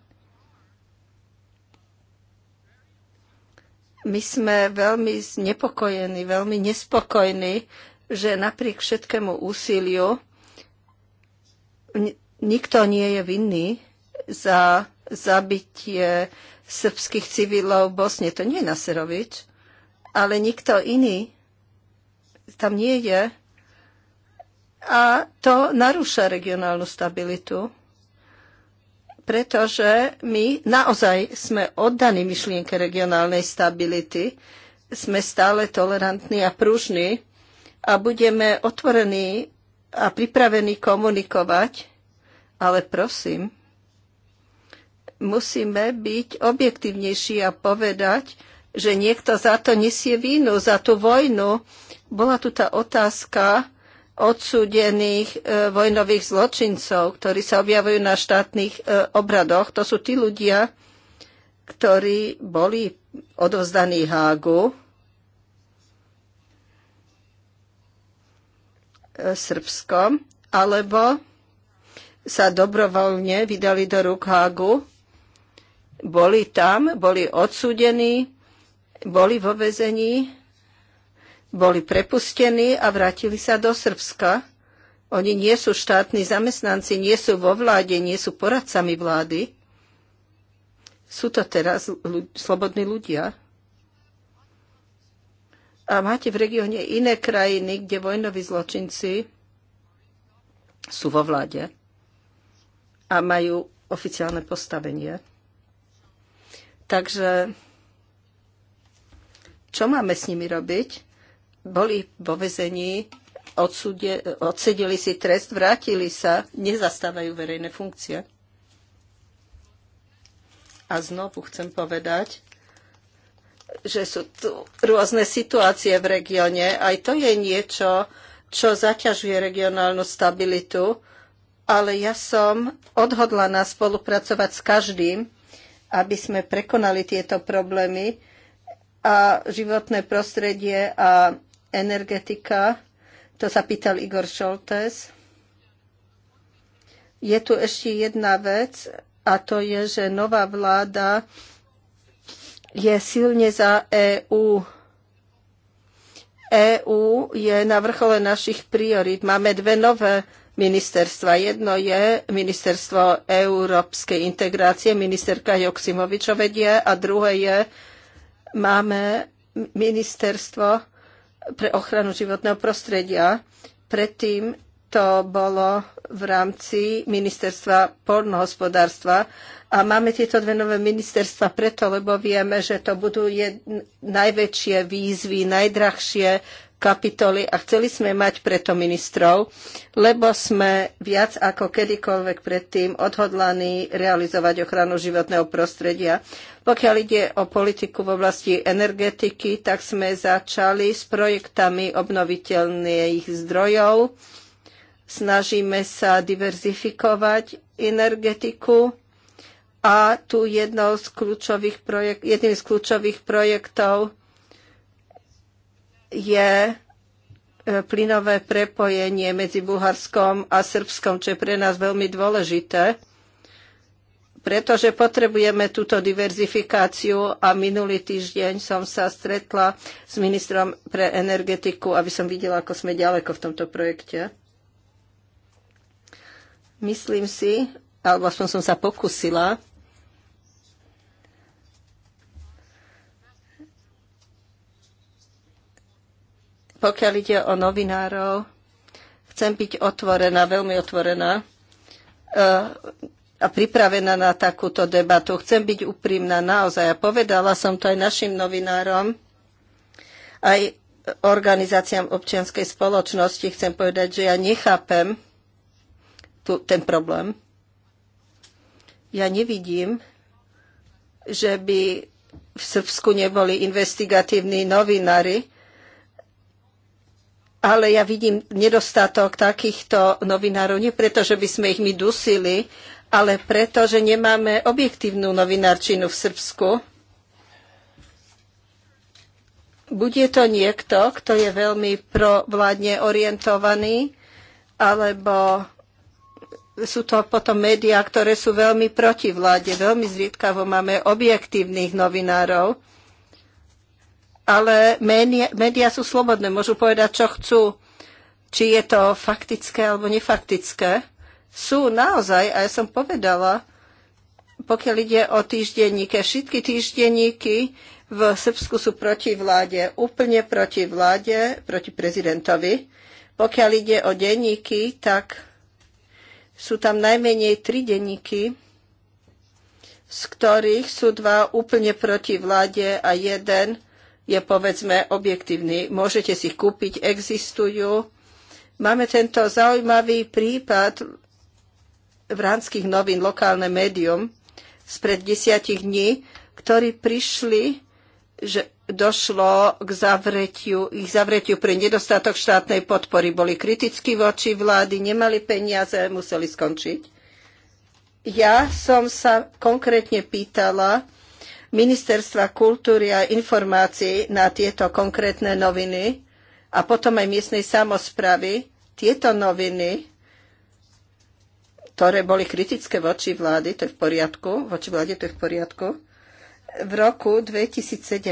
my sme veľmi znepokojení, veľmi nespokojní, že napriek všetkému úsiliu nikto nie je vinný za zabitie srbských civilov v Bosne. To nie je Naserovič, ale nikto iný tam nie je. A to narúša regionálnu stabilitu pretože my naozaj sme oddaní myšlienke regionálnej stability, sme stále tolerantní a pružní a budeme otvorení a pripravení komunikovať, ale prosím, musíme byť objektívnejší a povedať, že niekto za to nesie vínu, za tú vojnu. Bola tu tá otázka, odsúdených e, vojnových zločincov, ktorí sa objavujú na štátnych e, obradoch. To sú tí ľudia, ktorí boli odovzdaní Hágu e, Srbskom, alebo sa dobrovoľne vydali do rúk Hágu, boli tam, boli odsúdení, boli vo vezení boli prepustení a vrátili sa do Srbska. Oni nie sú štátni zamestnanci, nie sú vo vláde, nie sú poradcami vlády. Sú to teraz slobodní ľudia. A máte v regióne iné krajiny, kde vojnoví zločinci sú vo vláde a majú oficiálne postavenie. Takže čo máme s nimi robiť? boli vo vezení, odsude, odsedili si trest, vrátili sa, nezastávajú verejné funkcie. A znovu chcem povedať, že sú tu rôzne situácie v regióne. Aj to je niečo, čo zaťažuje regionálnu stabilitu, ale ja som odhodlaná spolupracovať s každým, aby sme prekonali tieto problémy a životné prostredie a energetika, to sa pýtal Igor Šoltes. Je tu ešte jedna vec a to je, že nová vláda je silne za EÚ. EÚ je na vrchole našich priorit. Máme dve nové ministerstva. Jedno je ministerstvo európskej integrácie, ministerka Joksimovičo a druhé je, máme ministerstvo pre ochranu životného prostredia. Predtým to bolo v rámci ministerstva pornohospodárstva a máme tieto dve nové ministerstva preto, lebo vieme, že to budú jed, najväčšie výzvy, najdrahšie kapitoly a chceli sme mať preto ministrov, lebo sme viac ako kedykoľvek predtým odhodlaní realizovať ochranu životného prostredia. Pokiaľ ide o politiku v oblasti energetiky, tak sme začali s projektami obnoviteľných zdrojov. Snažíme sa diverzifikovať energetiku a tu jednou z kľúčových jedným z kľúčových projektov je e, plynové prepojenie medzi Bulharskom a Srbskom, čo je pre nás veľmi dôležité, pretože potrebujeme túto diverzifikáciu a minulý týždeň som sa stretla s ministrom pre energetiku, aby som videla, ako sme ďaleko v tomto projekte. Myslím si, alebo aspoň som sa pokusila, Pokiaľ ide o novinárov, chcem byť otvorená, veľmi otvorená e, a pripravená na takúto debatu. Chcem byť úprimná naozaj. A povedala som to aj našim novinárom, aj organizáciám občianskej spoločnosti. Chcem povedať, že ja nechápem tu, ten problém. Ja nevidím, že by v Srbsku neboli investigatívni novinári, ale ja vidím nedostatok takýchto novinárov, nie preto, že by sme ich my dusili, ale preto, že nemáme objektívnu novinárčinu v Srbsku. Bude to niekto, kto je veľmi provládne orientovaný, alebo sú to potom médiá, ktoré sú veľmi proti vláde. Veľmi zriedkavo máme objektívnych novinárov ale médiá sú slobodné, môžu povedať, čo chcú, či je to faktické alebo nefaktické. Sú naozaj, a ja som povedala, pokiaľ ide o týždenníke, všetky týždenníky v Srbsku sú proti vláde, úplne proti vláde, proti prezidentovi. Pokiaľ ide o denníky, tak sú tam najmenej tri denníky, z ktorých sú dva úplne proti vláde a jeden je povedzme objektívny. Môžete si ich kúpiť, existujú. Máme tento zaujímavý prípad vránskych novín, lokálne médium, spred desiatich dní, ktorí prišli, že došlo k zavretiu, ich zavretiu pre nedostatok štátnej podpory. Boli kriticky voči vlády, nemali peniaze, museli skončiť. Ja som sa konkrétne pýtala, ministerstva kultúry a informácií na tieto konkrétne noviny a potom aj miestnej samozpravy. Tieto noviny, ktoré boli kritické voči vlády, to je v poriadku, voči vláde to je v poriadku, v roku 2017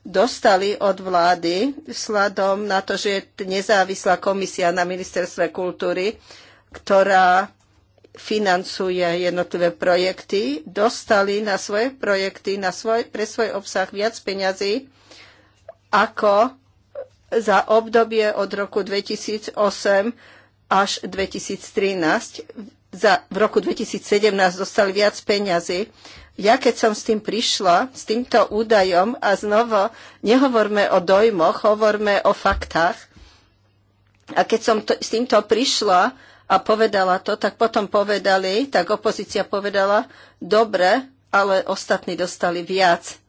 dostali od vlády vzhľadom na to, že je nezávislá komisia na ministerstve kultúry, ktorá financuje jednotlivé projekty, dostali na svoje projekty, na svoj, pre svoj obsah viac peňazí ako za obdobie od roku 2008 až 2013. Za, v roku 2017 dostali viac peňazí. Ja keď som s tým prišla, s týmto údajom a znovu nehovorme o dojmoch, hovorme o faktách. A keď som to, s týmto prišla, a povedala to, tak potom povedali, tak opozícia povedala, dobre, ale ostatní dostali viac.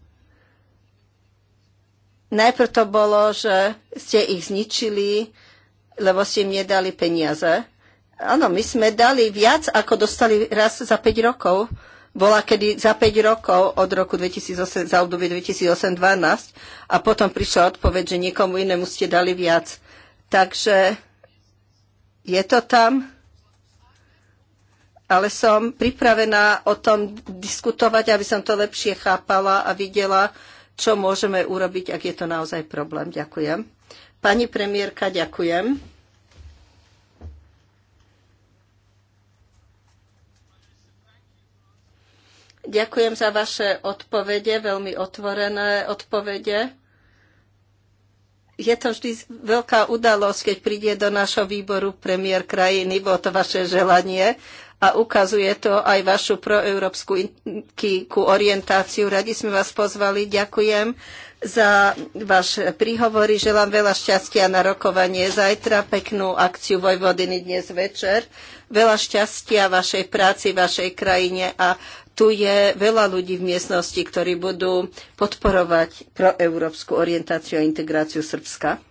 Najprv to bolo, že ste ich zničili, lebo ste im nedali peniaze. Áno, my sme dali viac, ako dostali raz za 5 rokov. Bola kedy za 5 rokov od roku 2008, za obdobie 2008-2012 a potom prišla odpoveď, že niekomu inému ste dali viac. Takže je to tam, ale som pripravená o tom diskutovať, aby som to lepšie chápala a videla, čo môžeme urobiť, ak je to naozaj problém. Ďakujem. Pani premiérka, ďakujem. Ďakujem za vaše odpovede, veľmi otvorené odpovede je to vždy veľká udalosť, keď príde do našho výboru premiér krajiny, bolo to vaše želanie a ukazuje to aj vašu proeurópsku orientáciu. Radi sme vás pozvali, ďakujem za váš príhovory. Želám veľa šťastia na rokovanie zajtra, peknú akciu Vojvodiny dnes večer, veľa šťastia vašej práci, vašej krajine a tu je veľa ľudí v miestnosti, ktorí budú podporovať proeurópsku orientáciu a integráciu Srbska.